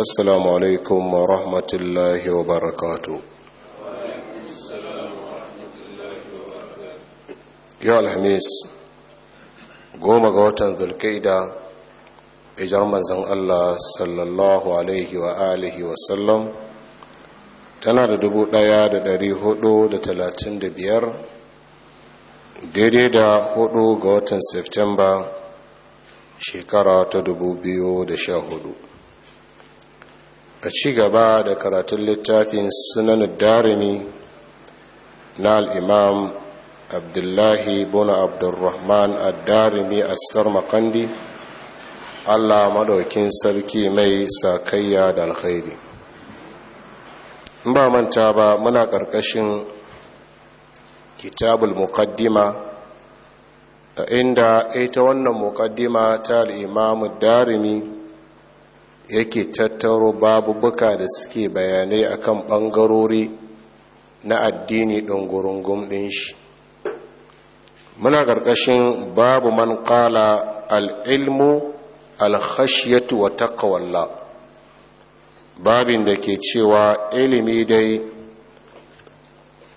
السلام عليكم ورحمة Yau alhamis goma ga watan قوتا ذو القيدة ijar manzan Allah sallallahu Alaihi wa alihi tana da dubu ɗaya da dari hudu da talatin da biyar daidai da hudu ga watan Seftamba shekara ta dubu biyu da sha hudu a ci gaba da karatun littafin sunan darimi na al'imam abdullahi buna abdurrahman ad-darimi tsar makandi allah maɗaukin sarki mai sakayya da alkhairi ba manta ba muna ƙarƙashin kitabul muqaddima a inda ita wannan muqaddima ta al'imamu darimi yake tattaro babubuka da suke bayanai akan ɓangarori na addini ɗungurungun ɗin shi muna ƙarƙashin babu man ƙala al'ilmu alhashiyatu wa takawalla babin da ke cewa ilimi dai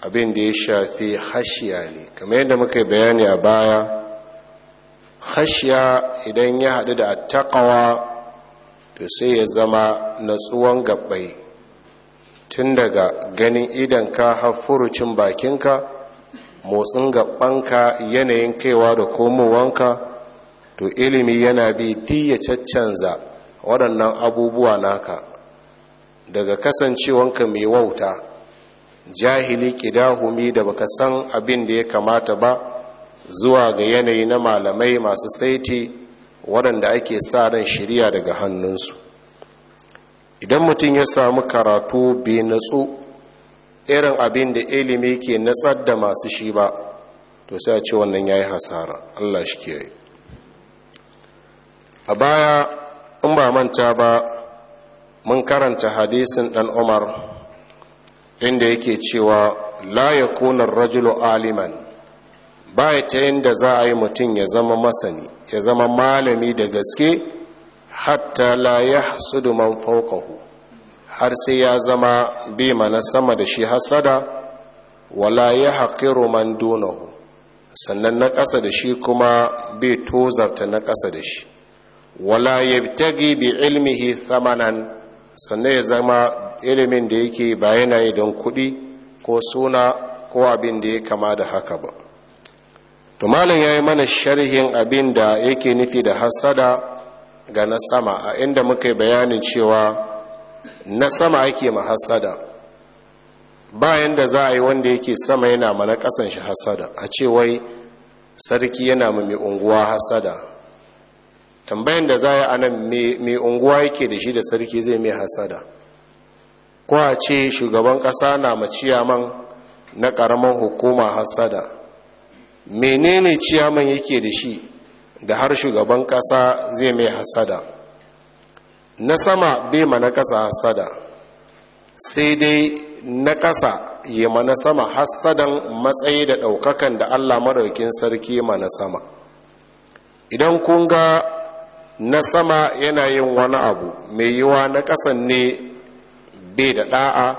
abin da ya shafi hashiya ne kamar yadda muka bayani a baya hashiya idan ya haɗu da takawa to sai ya zama natsuwan gabbai tun daga ganin idan har furucin bakinka motsin gabbanka yanayin kaiwa da komowanka to ilimi yana bi diya caccanza waɗannan abubuwa naka daga kasancewanka mai wauta jahili kidahumi da baka san abin da ya kamata ba zuwa ga yanayi na malamai masu saiti waɗanda ake sa ran shirya daga hannunsu idan mutum ya samu karatu bai natsu irin abin da ilimi ke natsar da masu shi ba to sai a ce wannan ya yi hasara allah shi ke a baya in ba manta ba mun karanta hadisin ɗan umar inda yake cewa la ya kunar rajulu aliman baya ta yadda za a yi mutum ya zama masani ya zama malami da gaske hatta la ya hasudu man faukahu har sai ya zama bi mana sama da shi hasada wala ya haƙiru man dunahu sannan na ƙasa da shi kuma bai tozarta na ƙasa da shi wala ya tagi bi ilmihi thamanan sannan ya zama ilimin da yake ba yanayi don kuɗi ko suna ko abin da ya kama da haka ba to malam ya yi mana sharhin abin da yake nufi da hasada ga na sama a inda muka yi bayanin cewa na sama ake ma hasada bayan da za a yi wanda yake sama yana mana kasan shi hasada a ce sarki yana ma mai unguwa hasada tambayan da za a yi anan mai unguwa yake da shi da sarki zai mai hasada ko a ce shugaban ƙasa na maciya maciyaman na ƙaramin hukuma hasada menene ciyaman yake da shi da har shugaban ƙasa zai mai hasada na sama bai mana ƙasa hasada sai dai na ƙasa ya mana sama hasadan matsayi da ɗaukakan da allah maraukin sarki mana sama idan kun ga na sama yana yin wani abu mai yiwa na ƙasan ne bai da ɗa'a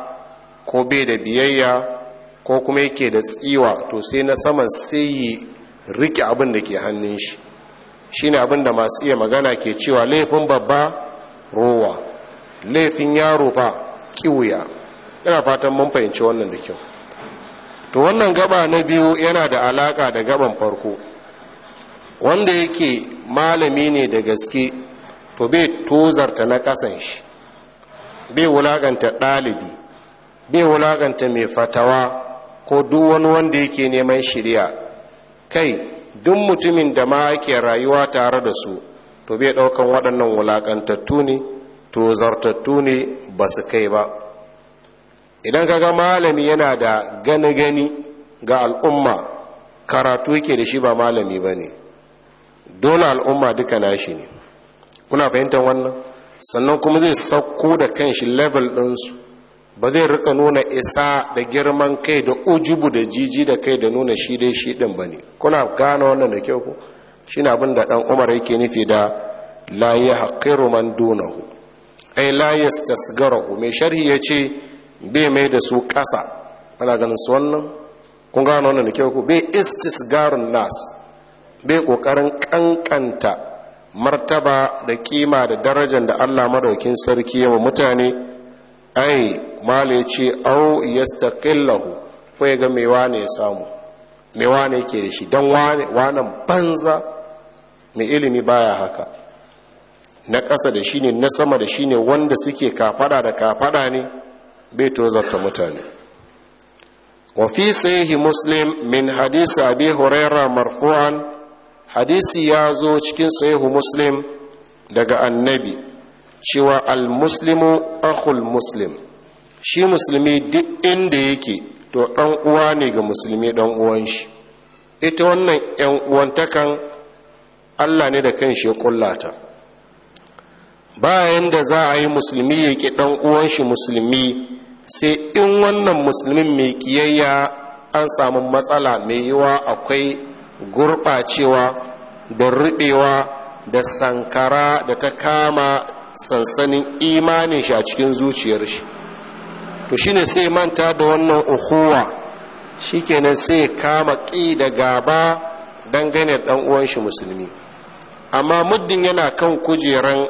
ko bai da biyayya ko kuma yake da tsiwa to sai na saman sai yi rike abin da ke hannun shi shi ne abin da masu iya magana ke cewa laifin babba rowa laifin yaro ba kiwuya yana fatan mun fahimci wannan da kyau to wannan gaba na biyu yana da alaka da gaban farko wanda yake malami ne da gaske to bai tozarta na kasan shi bai wulaganta ɗalibi bai wulaganta mai fatawa ko duk wani wanda yake neman shirya kai duk mutumin da ma ake rayuwa tare da su to bai daukan waɗannan wulaƙantattu ne to zartattu ne ba su kai ba idan ka ga malami yana da gani gani ga al'umma karatu yake da shi ba malami ba ne dole al'umma duka nashi ne kuna fahimtar wannan sannan kuma zai sauko da kanshi level ɗinsu ba zai rika nuna isa da girman kai da ujubu da jiji da kai da nuna shi dai shi din bane kuna gano wannan da kyau ku shine abin da dan Umar yake nufi da la yahqiru man dunahu ai la yastasgaru mai sharhi yace bai mai da su kasa ana ganin su wannan kun gano wannan da kyau ku bai istisgarun nas bai kokarin kankanta martaba da kima da darajar da Allah madaukin sarki ya mutane ai mala ce au yastaqillahu ko ya ga mewa ne ya samu mewa ne ke da shi don wanan banza mai ilimi baya haka na ƙasa da shi ne na sama da shi ne wanda suke kafada da kafada ne bai tozarta mutane wafi sahihi muslim min hadisi abi huraira marfu'an hadisi ya zo cikin sahihu muslim daga annabi cewa al-muslimu akhul muslim shi musulmi duk inda yake to ɗan uwa ne ga musulmi ɗan uwan shi ita wannan ‘yan uwantakan allah ne da kan shi kullata bayan da za a yi musulmi ya ƙi ɗan uwan shi musulmi sai in wannan musulmin mai ƙiyayya an samu matsala mai yiwa akwai gurɓacewa da ruɓewa da sankara da ta kama sansanin imanin shi a cikin zuciyar shi to shine sai manta da wannan uhuwa shikenan sai kama ƙi da gaba dangane dan uwan shi musulmi amma muddin yana kan kujeran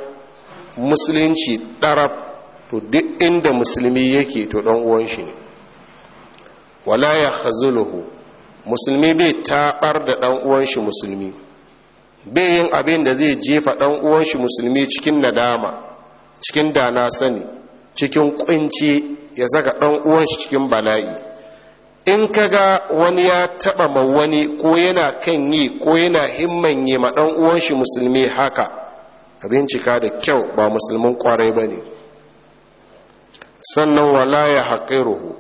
musulunci ɗarab to duk inda musulmi yake to dan uwan shi ne wala ya khazuluhu musulmi bai tabar da dan uwan shi musulmi bai yin abin da zai jefa dan uwan shi musulmi cikin nadama cikin dana sani cikin kunci ya zaga ɗan uwan shi cikin bala'i in ka ga wani ya taɓa ma wani ko yana kan yi ko yana himman yi ma ɗan uwan shi musulmi haka ka bincika da kyau ba musulmin kwarai ba ne sannan wala ya ruhu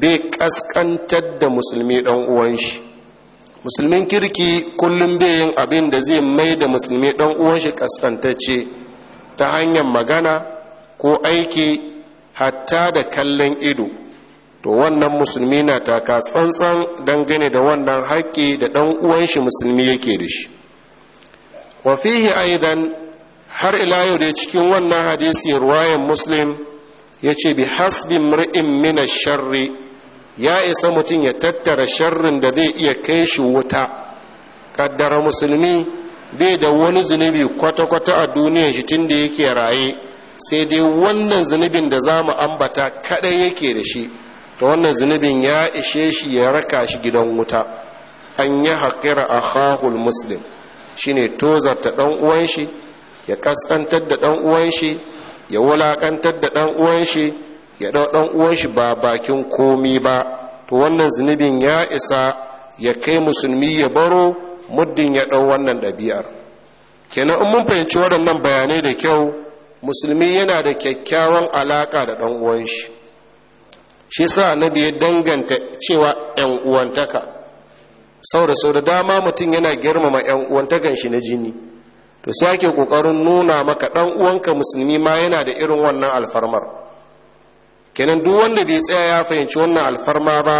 bai ƙasƙantar da musulmi ɗan uwan shi musulmin kirki kullum bai yin abin da zai mai da musulmi ɗan uwan shi ƙasƙantacce ta hanyar magana ko aiki hatta da kallon ido to wannan musulmi na taka tsantsan dangane da wannan haƙƙi da ɗan uwanshi shi musulmi yake da shi wa fihi aidan har ila yau da cikin wannan hadisi ruwayan muslim ya ce bi hasbi mri'in mina sharri ya isa mutum ya tattara sharrin da zai iya kai shi wuta kaddara musulmi bai da wani zunubi kwata-kwata a duniyar shi tunda da yake raye sai dai wannan zunubin da za mu ambata kaɗai yake da shi ta wannan zunubin ya ishe shi ya raka shi gidan wuta an yi haƙira a hahul muslim ne tozarta ɗanuwanshi uwan shi ya ƙasƙantar da ɗanuwanshi shi ya wulaƙantar da ɗan uwan shi ya ɗau shi ba bakin komi ba to wannan zunubin ya isa ya kai musulmi ya baro muddin ya ɗau wannan ɗabi'ar kenan in mun fahimci waɗannan bayanai da kyau musulmi yana da kyakkyawan alaka da ɗan uwan shi shi sa annabi ya danganta cewa ‘yan uwantaka sau da sau da dama mutum yana girmama ‘yan uwantakan shi na jini to sai ake ƙoƙarin nuna maka ɗan uwanka musulmi ma yana da irin wannan alfarmar kenan duk wanda bai tsaya ya fahimci wannan alfarma ba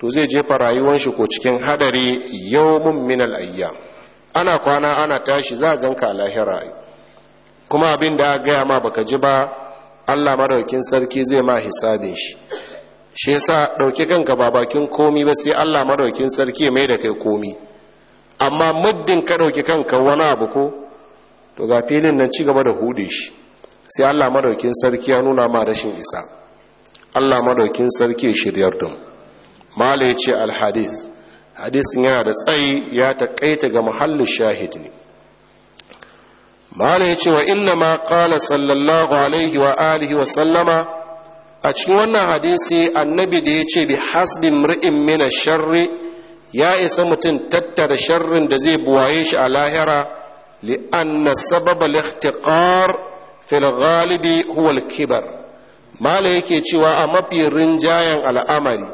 to zai jefa rayuwar shi ko cikin haɗari yau mun minal ayyam ana kwana ana tashi za a ganka a lahira kuma abin da gaya ma baka ji ba allah Madaukin sarki zai ma hisabin shi shi yasa ɗauki kanka ba bakin komi ba sai allah Madaukin sarki mai da kai komi amma muddin ka ɗauki kanka wani abu ko to ga filin nan ci gaba da hude shi sai allah Madaukin sarki ya nuna ma rashin isa allah Madaukin sarki shiryar dum mala ya ce alhadis hadisin yana da tsayi ya taƙaita ga muhallin shahid ne malam ya ce wa inna ma qala sallallahu alaihi wa alihi wa sallama a cikin wannan hadisi annabi da ya ce bi hasbi mri'in mina sharri ya isa mutum tattara sharrin da zai buwaye shi a lahira li'anna sababa lihtiqar fil ghalibi huwa kibar yake cewa a mafi rinjayen al'amari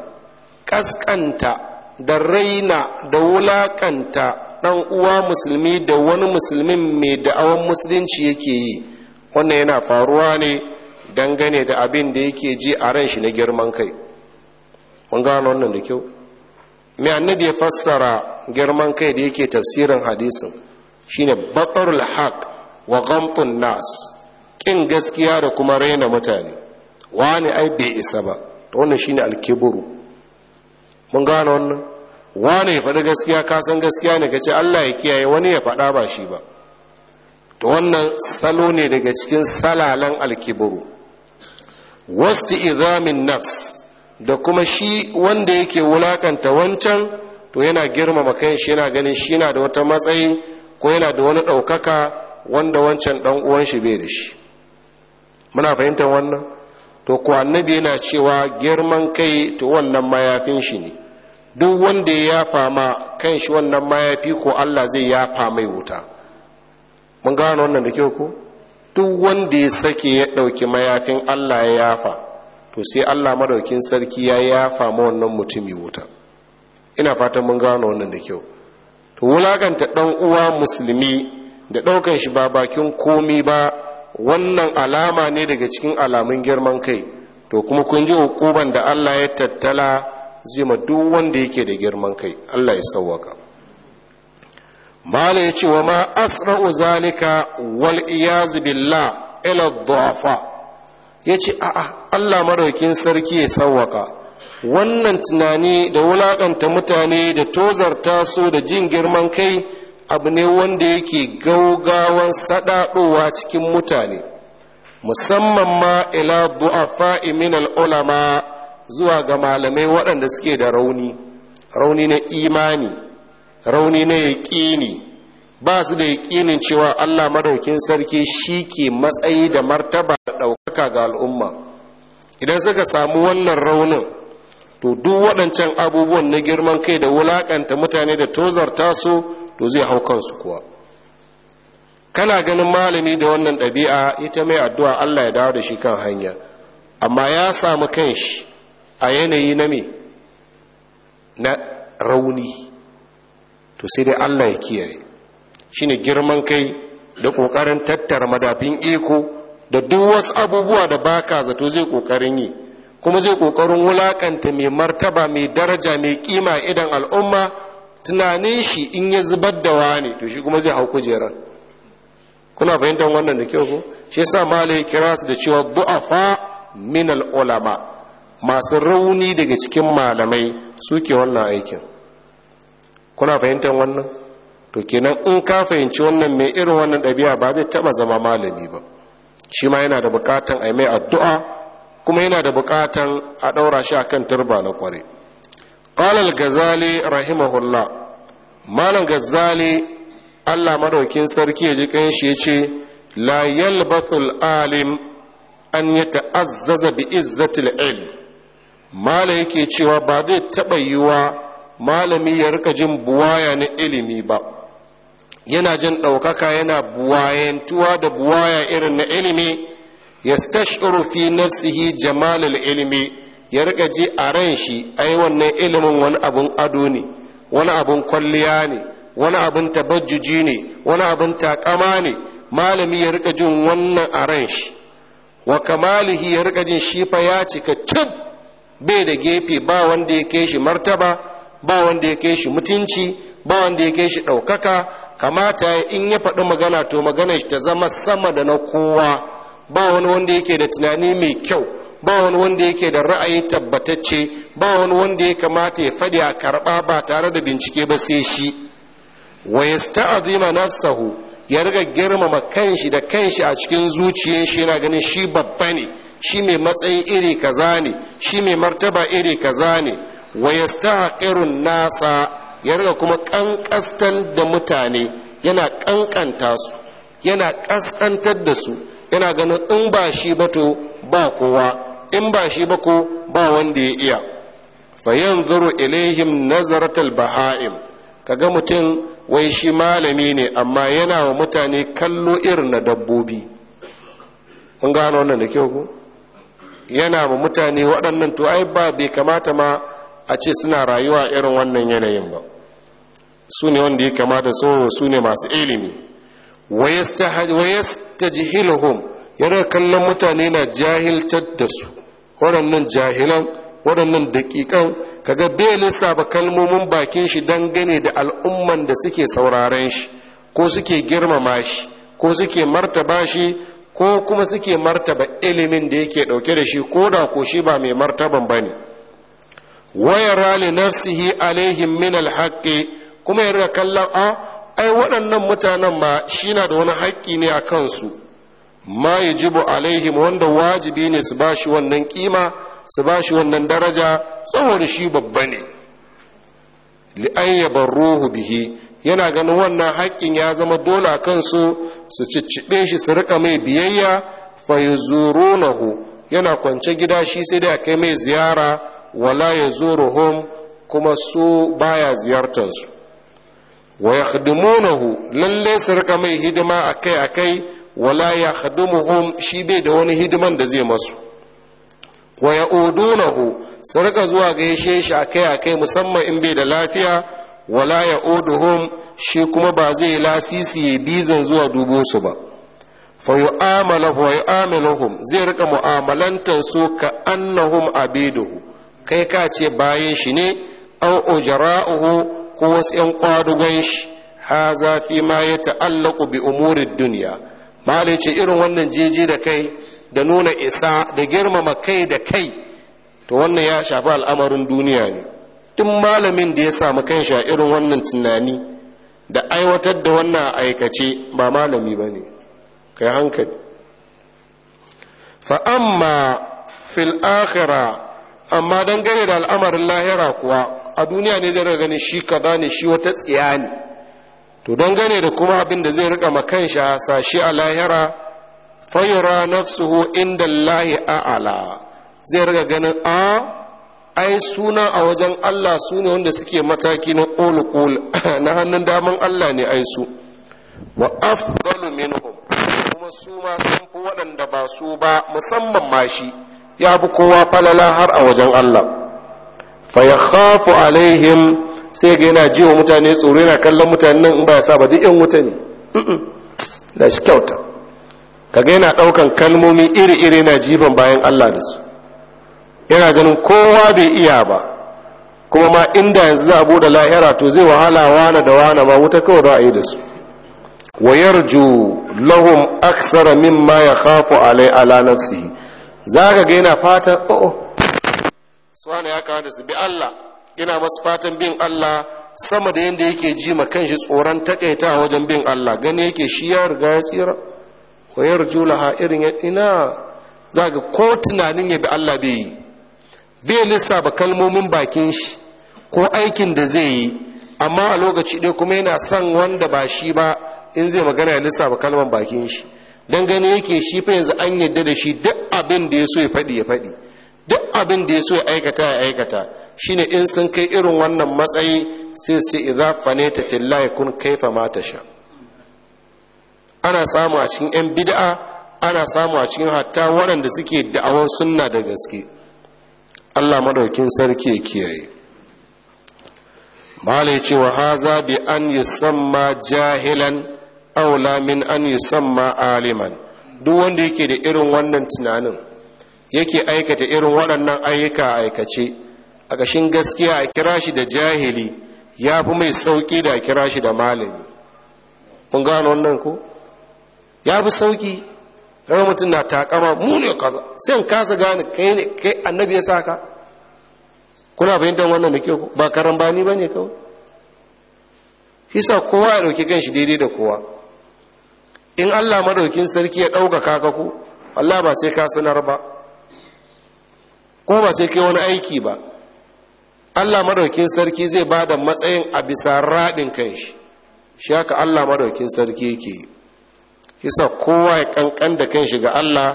kaskanta da raina da wulakanta ɗan uwa musulmi da wani musulmin mai da'awan musulunci yake yi wannan yana faruwa ne dangane da abin da yake ji a ran shi na girman kai mun gano wannan da kyau mai annabi ya fassara girman kai da yake tafsirin hadisin shine batarul haq wa ghamtun nas kin gaskiya da kuma raina mutane wani ai bai isa ba wannan shine alkiburu mun gano wannan wane ya faɗi gaskiya kasan gaskiya ne ka ce Allah ya kiyaye wani ya faɗa ba shi ba Ta wannan salo ne daga cikin salalan alkiburu wasti izamin nafs da kuma shi wanda yake wulakanta wancan to yana girmama kan shi yana ganin shi yana da wata matsayi ko yana da wani ɗaukaka wanda wancan ɗan uwan shi bai da shi muna fahimtar wannan to ku annabi yana cewa girman kai to wannan mayafin shi ne duk wanda ya yafa ma kan shi wannan mayafi ko Allah zai yafa mai wuta mun gano wannan da kyau ko duk wanda ya sake ya ɗauki mayafin Allah ya yafa to sai Allah madaukin sarki ya yafa ma wannan mutumi wuta ina fatan mun gano wannan da kyau to wulakanta ɗan uwa musulmi da ɗaukan shi ba bakin komi ba wannan alama ne daga cikin alamun girman kai to kuma kun ji hukuban da Allah ya tattala zai ma duk wanda yake da girman kai Allah ya sauwaka mala ya wa ma asra'u zalika wal iyaz billah ila dhafa yace a'a Allah maraukin sarki ya sauwaka wannan tunani da wulakanta mutane da tozarta su da jin girman kai abu ne wanda yake gaugawan sadadowa cikin mutane musamman ma ila du'afa min al ulama zuwa ga malamai waɗanda suke da rauni rauni na imani rauni na yaƙini ba su da yaƙinin cewa allah madaukin sarki shi ke matsayi da martaba da ɗaukaka ga al'umma idan suka samu wannan raunin to duk waɗancan abubuwan na girman kai da wulaƙanta mutane da tozarta su to zai hau kansu kuwa kana ganin malami da wannan ɗabi'a ita mai addu'a Allah ya dawo da shi kan hanya amma ya samu kanshi a yanayi na me na rauni to sai dai allah ya kiyaye shine girman kai da ƙoƙarin tattara madafin iko da duk wasu abubuwa da baka zato zai ƙoƙarin yi kuma zai ƙoƙarin wulaƙanta mai martaba mai daraja mai ƙima idan al'umma tunanin shi in ya zubar da wani to shi kuma zai hau kujerar kuna fahimtar wannan da kyau ko shi yasa malai kira su da cewa du'afa min al'ulama masu rauni daga cikin malamai suke wannan aikin kuna fahimtar wannan to kenan in ka fahimci wannan mai irin wannan ɗabi'a ba zai taɓa zama malami ba shi ma yana da buƙatan a mai addu'a kuma yana da buƙatan a ɗaura shi a kan turba na ƙware ƙalal gazali rahimahullah malam gazali allah maɗaukin sarki ya ji ƙanshi ya ce la yalbathul alim an ya ta'azzaza bi izzatul ilm mala yake cewa ba zai taɓa yiwa malami ya rika jin buwaya na ilimi ba yana jin ɗaukaka yana buwayantuwa da buwaya irin na ilimi ya stashiru fi nafsihi jamalul ilimi ya rika ji a ran shi ai wannan ilimin wani abun ado ne wani abun kwalliya ne wani abun tabajjuji ne wani abun takama ne malami ya rika jin wannan a ran shi wa kamalihi ya rika jin shi fa ya cika cib bai da gefe ba wanda ya kai shi martaba ba wanda ya kai shi mutunci ba wanda ya kai shi ɗaukaka kamata in ya faɗi magana to magana shi ta zama sama da na kowa ba wani wanda yake da tunani mai kyau ba wani wanda yake da ra'ayi tabbatacce ba wani wanda ya kamata ya faɗi a karɓa ba tare da bincike ba sai shi wa yasta'zima nafsahu ya riga girmama kanshi da kanshi a cikin zuciyar shi yana ganin shi babba ne shi mai matsayi iri kaza ne shi mai martaba iri kaza ne wa irin nasa ya riga kuma kankastan da mutane yana kankanta su yana kaskantar da su yana ganin in ba shi ba to ba kowa in ba shi ba ko ba wanda ya iya zuru ilaihim nazaratal baha'im kaga mutum wai shi malami ne amma yana wa mutane kallo irin na dabbobi kun gano wannan da kyau ko yana ma mutane waɗannan to ai ba bai kamata ma a ce suna rayuwa irin wannan yanayin ba su ne wanda ya kamata so su ne masu ilimi hom yana kallon mutane na jahiltar da su waɗannan jahilan waɗannan daƙiƙan kaga bai lissafa kalmomin bakin shi dangane da al'umman da suke sauraren shi ko suke girmama shi ko suke martaba shi ko kuma suke martaba ilimin da yake dauke da shi ko da ko shi ba mai martaban bane wayara li nafsihi alaihim min alhaqi kuma yarda kallon a ah, ai waɗannan mutanen ma shi na da wani haƙƙi ne a kansu ma yajibu alaihim wanda wajibi ne su bashi wannan kima su bashi wannan daraja saboda shi babba ne li an ruhu bihi yana ganin wannan haƙƙin ya zama dole a kansu su cicciɓe shi su rika mai biyayya fa yuzurunahu yana kwance gida shi sai dai a kai mai ziyara wala yazuruhum kuma su baya ziyartar su wa yakhdimunahu lalle su rika mai hidima akai akai wala yakhdumuhum shi bai da wani hidiman da zai masu wa ya'udunahu su rika zuwa gaishe shi akai akai musamman in bai da lafiya wala ya oduhum shi kuma ba zai lasisi ya bizan zuwa dubo su ba fa hum zai rika mu'amalantar su ka annahum abiduhu kai ka ce bayan shi ne aw ujara'uhu ko wasu yan kwadugan shi za fi ma ya ta'allaku bi umurin duniya malai ce irin wannan jeje da kai da nuna isa da girmama kai da kai to wannan ya shafi al'amarin duniya ne duk malamin da ya samu kanshi a irin wannan tunani da aiwatar da wannan aikace ba malami ba ne kai hankali fa'amma fil akhira amma dangane da al'amarin lahira kuwa a duniya ne zai ganin shi kaza ne shi wata tsiya ne to dangane da kuma abin da zai rika makan shi a lahira fayura nafsuhu inda lahi a'ala zai rika ganin a ah, ai suna a wajen Allah su ne wanda suke mataki na ƙol na hannun daman Allah ne ai su wa afdalu minhum kuma su ma sun fi waɗanda ba su ba musamman ma shi ya bi kowa falala har a wajen Allah fa ya khafu alaihim sai ga yana jiwa mutane tsoro yana kallon mutane nan in ba ya sa ba duk yan wuta ne da shi kyauta kaga yana ɗaukan kalmomi iri-iri na jifan bayan Allah da su yana ganin kowa bai iya ba kuma ma inda yanzu za a buɗe lahira to zai wahala wana da wana ma wuta kawai ra'ayi da su Wayar ju lahum aksara ya khafu alai ala Za zaka ga yana fatan o'o oh, oh, suwana ya kawo da su bi Allah yana masu fatan bin Allah sama da yadda yake ji ma kanshi tsoron takaita wajen bin Allah gani yake shi ya riga ya tsira Wayar ju laha irin ina zaka ko tunanin ya bi Allah bai yi bai lissafa kalmomin bakin shi ko aikin da zai yi amma a lokaci ɗaya kuma yana son wanda ba shi ba in zai magana ya lissafa kalman bakin shi don gani yake shi fa yanzu an yadda da shi duk abin da ya so ya faɗi ya faɗi duk abin da ya so ya aikata ya aikata shine in sun kai irin wannan matsayi sai sai idza fanita fillahi kun kaifa ma sha. ana samu a cikin yan bida'a ana samu a cikin hatta waɗanda suke da'awar sunna da gaske allah madaukin sarki ya kiyaye malai cewa haza bi an yi samma jahilan aula min an yi samma aliman duk wanda yake da irin wannan tunanin yake aikata irin waɗannan ayyuka aikace a ƙashin gaskiya a kira shi da jahili ya fi mai sauƙi da a kira shi da malami kun gano wannan ko ya fi sauƙi kaga mutum na takama mu ne kaza sai kasa gane kai ne kai annabi ya saka kuna fahimtar wannan da kyau ba karan bani ba ne kawai shi sa kowa ya ɗauki kanshi daidai da kowa in allah madaukin sarki ya ɗaukaka ka ku allah ba sai ka sanar ba ko ba sai kai wani aiki ba allah madaukin sarki zai ba da matsayin a bisa raɗin kanshi shi haka allah madaukin sarki yake yi Kisa kowa ya kankan da kanshi ga Allah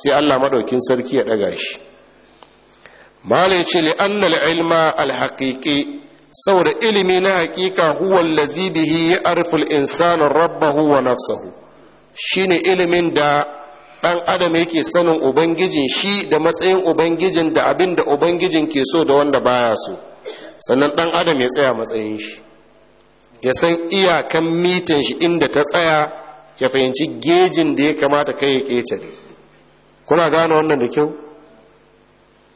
sai Allah madaukin sarki ya daga shi malai ce li al ilma al haqiqi saboda ilimi na haqiqa huwa allazi bihi ya'rifu al insanu rabbahu wa nafsahu shine ilimin da dan adam yake sanin ubangijin shi da matsayin ubangijin da abin da ubangijin ke so da wanda baya so sannan dan adam ya tsaya matsayin shi ya san iyakan mitan shi inda ta tsaya Ka fahimci gejin da ya kamata kai ya ƙetare kuna gane wannan da kyau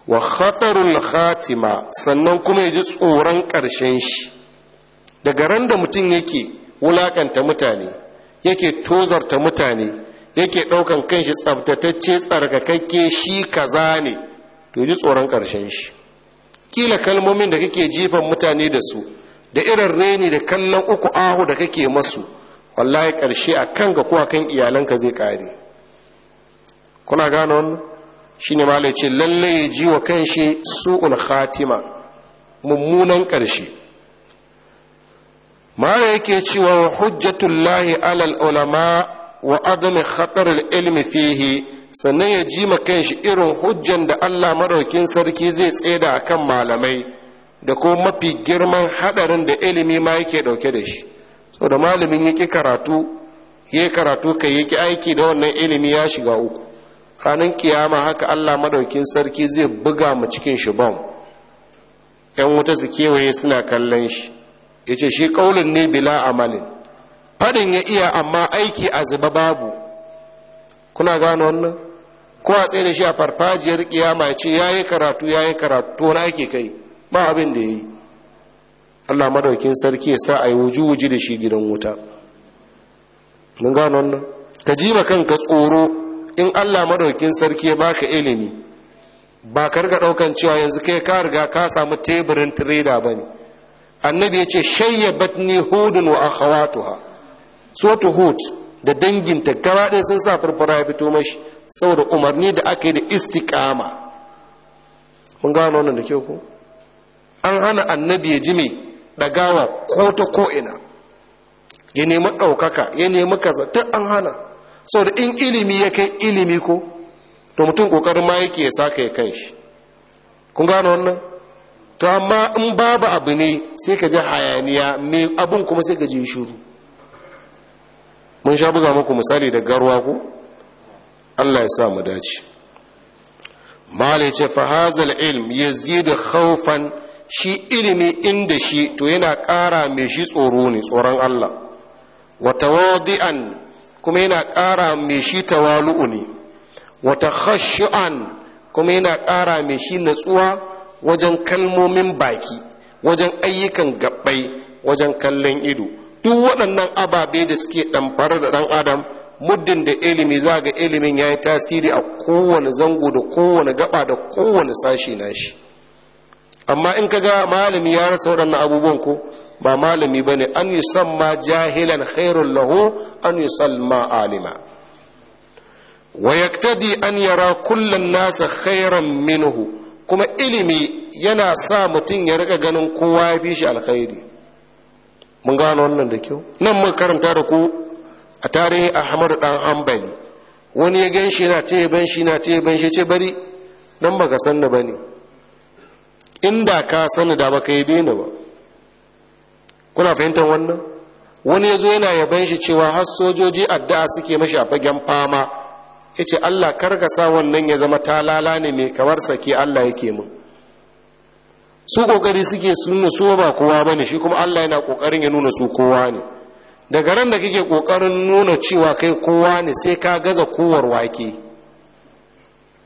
wa khatarul khatima sannan kuma ya ji tsoron ƙarshen shi daga ran da mutum yake wulakanta mutane yake tozarta mutane yake ɗaukan kanshi tsabtatacce tsarkakakke shi kaza ne to ji tsoron ƙarshen shi kila kalmomin da kake jifan mutane da su da irin reni da kallon uku ahu da kake masu wallahi ƙarshe a kanka ko a kan iyalanka zai ƙare kuna gano wannan shi ne malai ce lallai ya ji wa kanshi su'ul khatima mummunan ƙarshe mara yake cewa wa hujjatullahi alal ulama wa adami khatarul ilmi fihi sannan ya ji ma kanshi irin hujjan da Allah maraukin sarki zai tseda kan malamai da kuma mafi girman hadarin da ilimi ma yake dauke da shi da malamin ki karatu ya karatu yi ki aiki da wannan ilimi ya shiga uku ranar kiyama haka Allah madaukin sarki zai buga mu cikin shi bam yan wuta su kewaye suna kallon shi ya ce shi kaulin ne bila amalin fadin ya iya amma aiki a zuba babu kuna gano wannan ko a tsaye da shi a farfajiyar kiyama ya ce yayi karatu yi karatu wani ake kai ba abin da ya yi. Allah madaukin sarki ya sa a yi wuji-wuji da shi gidan wuta mun gano wannan ka ji ma kanka tsoro in Allah madaukin sarki ya baka ilimi ba karga daukan cewa yanzu kai ka riga ka samu teburin trader bane annabi ya ce shayyabatni hudun wa akhawatuha to hud da danginta gaba ɗaya sun sa furfura ya fito mashi saboda umarni da aka yi da istiqama mun gano wannan da kyau ko an hana annabi ya ji mai ɗagawa ko ta ko'ina ya nemi ɗaukaka ya nemi kaza duk an hana saboda in ilimi ya kai ilimi ko to mutum ƙoƙarin ma yake ya saka ya kai shi kun gano wannan to amma in babu abu ne sai ka ji hayaniya mai abin kuma sai ka ji shuru mun sha buga muku misali da garwa ko allah ya sa mu dace mala ce fahazal ilm yazidu khawfan shi ilimi inda shi to yana ƙara mai shi tsoro ne tsoron Allah wata wadi'an kuma yana ƙara mai shi tawalu'u ne wata khashu'an kuma yana ƙara mai shi natsuwa wajen kalmomin baki wajen ayyukan gabbai wajen kallon ido duk waɗannan ababe da suke ɗamfara da ɗan adam muddin da ilimi za ga ilimin ya yi tasiri a kowane zango da kowane gaba da kowane sashi na shi amma in ka ga malami ya rasa waɗannan abubuwan ko ba malami ba ne an yi san ma jahilan khairun lahu an yi ma alima wa yaktadi an yara kullum nasa khairan minhu kuma ilimi yana sa mutum ya rika ganin kowa ya fi shi alkhairi mun gano wannan da kyau nan mun karanta da ku a tarihin ahmadu dan hanbali wani ya gan shi na ce ban shi na ce ban shi ce bari nan baka san da bane inda ka sani da baka yi daina ba kuna fahimtar wannan wani ya zo yana yaban shi cewa har sojoji addu'a suke mashi a fagen fama ya ce allah karka sa wannan ya zama talala ne mai kamar sake allah yake mun su kokari suke suna su ba kowa ba ne shi kuma allah yana kokarin ya nuna su kowa ne daga ran da kake kokarin nuna cewa kai kowa ne sai ka gaza kowar wake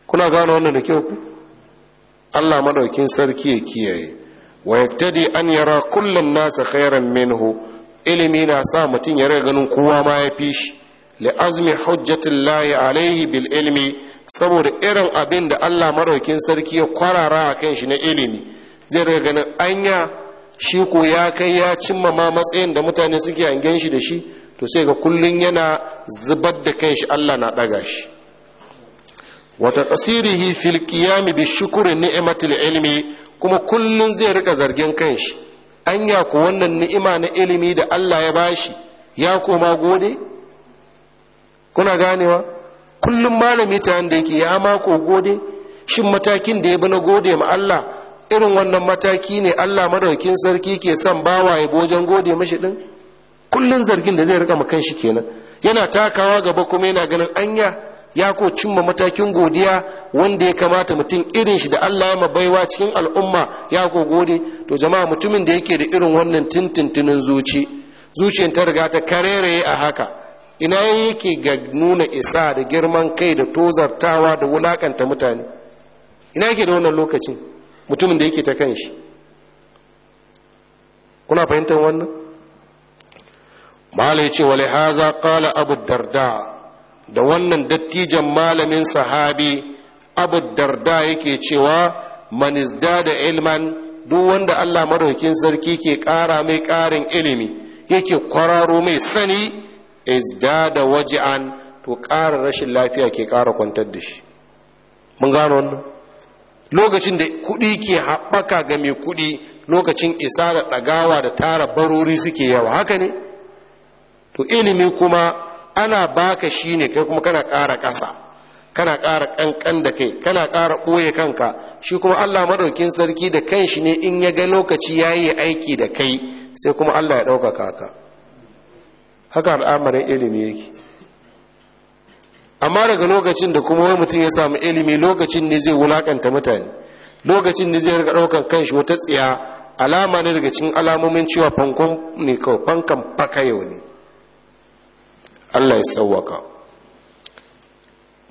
kuna gano wannan da kyau Allah madaukin sarki ya kiyaye wa yaktadi an yara kullun nasa khairan minhu ilimi na sa mutum ya rage ganin kowa ma ya fi shi li azmi hujjatullahi alaihi bil ilmi saboda irin abin da Allah madaukin sarki ya kwarara a kan shi na ilimi zai rage ganin anya shi ko ya kai ya cimma ma matsayin da mutane suke hangen shi da shi to sai ga kullun yana zubar da kanshi Allah na daga shi wa taqsirihi fil qiyam bi shukri ni'matil ilmi kuma kullun zai rika zargin kanshi anya ku wannan ni'ima na ilimi da Allah ya bashi ya koma gode kuna ganewa kullum malami ta da yake ya mako gode shin matakin da ya bi na gode ma Allah irin wannan mataki ne Allah madaukin sarki ke son bawa ya bojan gode mashi din kullun zargin da zai rika ma kanshi kenan yana takawa gaba kuma yana ganin anya ya ko cimma matakin godiya wanda ya kamata mutum irin shi da Allah ya baiwa cikin al'umma ya ko gode to jama'a mutumin da yake da irin wannan tintintinin zuci zuciyar ta riga ta karereye a haka ina yake ga nuna isa da girman kai da tozartawa da wulakanta mutane ina yake da wannan lokacin mutumin da yake ta kan shi kuna fahimtar wannan malai ce wale haza kala abu darda da wannan dattijan malamin sahabi abu darda yake cewa manizda da ilman duk wanda allah maraukin sarki ke ƙara mai ƙarin ilimi yake kwararo mai sani izda da waji'an to ƙara rashin lafiya ke ƙara kwantar da shi mun gano wannan lokacin da kuɗi ke haɓaka ga mai kuɗi lokacin isa da ɗagawa da tara barori suke yawa haka ne to ilimi kuma ana baka shi ne kai kuma kana ƙara ƙasa kana ƙara ƙanƙan da kai kana ƙara ɓoye kanka shi kuma allah maɗaukin sarki da kanshi ne in ya ga lokaci ya yi aiki da kai sai kuma allah ya ɗaukaka ka haka al'amarin ilimi yake amma daga lokacin da kuma wai mutum ya samu ilimi lokacin ne zai wulakanta mutane lokacin ne zai rika ɗaukan kanshi wata tsiya alama ne daga cikin alamomin cewa fankon ne kawai fankan faka yau ne Allah ya sauwaka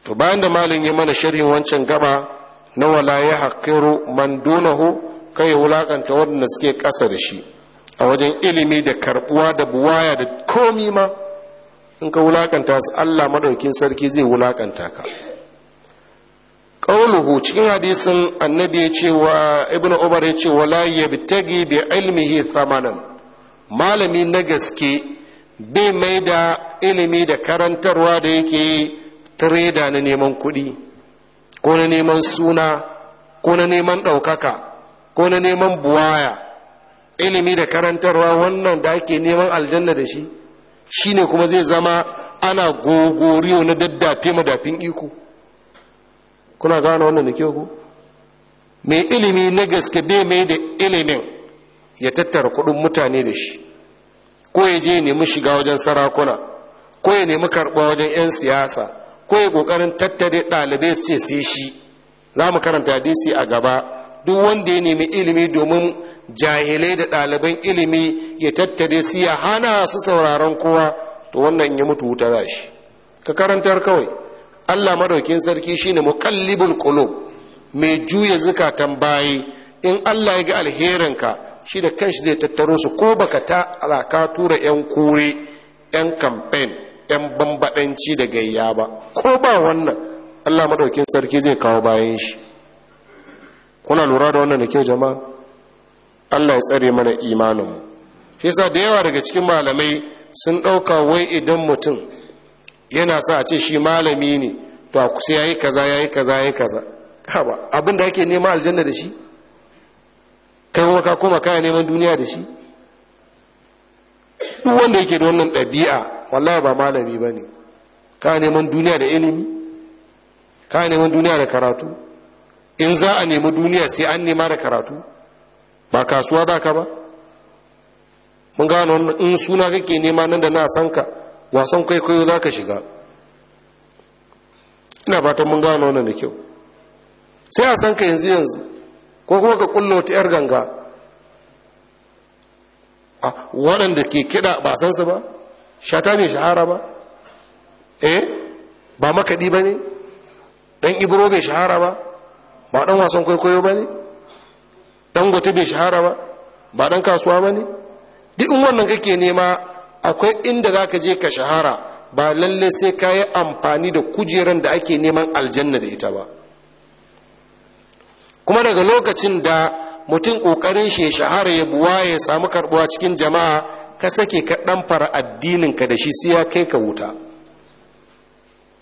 to bayan da malin ya mana sharhin wancan gaba na wala ya haƙiru man dunahu kai ya wulakanta waɗanda suke ƙasa da shi a wajen ilimi da karɓuwa da buwaya da komi ma in ka wulaƙanta su Allah maɗaukin sarki zai wulaƙanta ka ƙauluhu cikin hadisin annabi ya ce wa ibn umar ya ce wala ya bi ilmihi thamanan malami na gaske bai mai da ilimi da karantarwa da yake tireda na neman kuɗi ko na neman suna ko na neman ɗaukaka ko na neman buwaya ilimi da karantarwa wannan da ake neman aljanna da shi shine kuma zai zama ana gogoriyo na daddafe madafin iko kuna gane wannan da kyau ku mai ilimi na gaske bai mai da ilimin ya tattara kuɗin mutane da shi ko ya je nemi shiga wajen sarakuna ko ya nemi karɓa wajen 'yan siyasa ko ya ƙoƙarin tattare ɗalibai su ce sai shi za mu karanta hadisi a gaba duk wanda ya nemi ilimi domin jahilai da ɗaliban ilimi ya tattare su ya hana su sauraron kowa to wannan ya mutu wuta za shi ka karantar kawai allah madaukin sarki shine mukallibin kulub mai juya zukatan bayi in allah ya ga alherinka shi da kanshi zai tattaro su ko baka ta alaka tura 'yan kore 'yan kamfen 'yan bambadanci da gayya ba ko ba wannan allah maɗaukin sarki zai kawo bayan shi kuna lura da wannan da ke jama'a allah ya tsare mana imaninmu shi sa da yawa daga cikin malamai sun ɗauka wai idan mutum yana sa a ce shi malami ne to a kusa ya kaza ya kaza ya yi kaza abin da ake nema aljanna da shi kai kuma kaya neman duniya da shi wanda yake da wannan ɗabi'a wallahi ba malami ba ne kaya neman duniya da ilimi kaya neman duniya da karatu in za a nemi duniya sai an nema da karatu ba kasuwa za ka ba mun gano in suna kake nema nan da na san ka wasan kwaikwayo za ka shiga ina fatan mun gano nan da kyau sai a san ka yanzu yanzu ko kuma ka kulla ta 'yar ganga waɗanda ke kiɗa ba san su ba shata bai shahara ba eh ba makaɗi ba ne ɗan ibro bai shahara ba ba ɗan wasan kwaikwayo ba ne ɗan gote bai shahara ba ba ɗan kasuwa ba ne duk in wannan kake nema akwai inda za ka je ka shahara ba lalle sai ka yi amfani da kujeran da ake neman aljanna da ita ba kuma daga lokacin da mutum ƙoƙarin shi ya shahara ya buwa ya samu karɓuwa cikin jama'a ka sake ka ɗan fara ka da shi sai ya kai ka wuta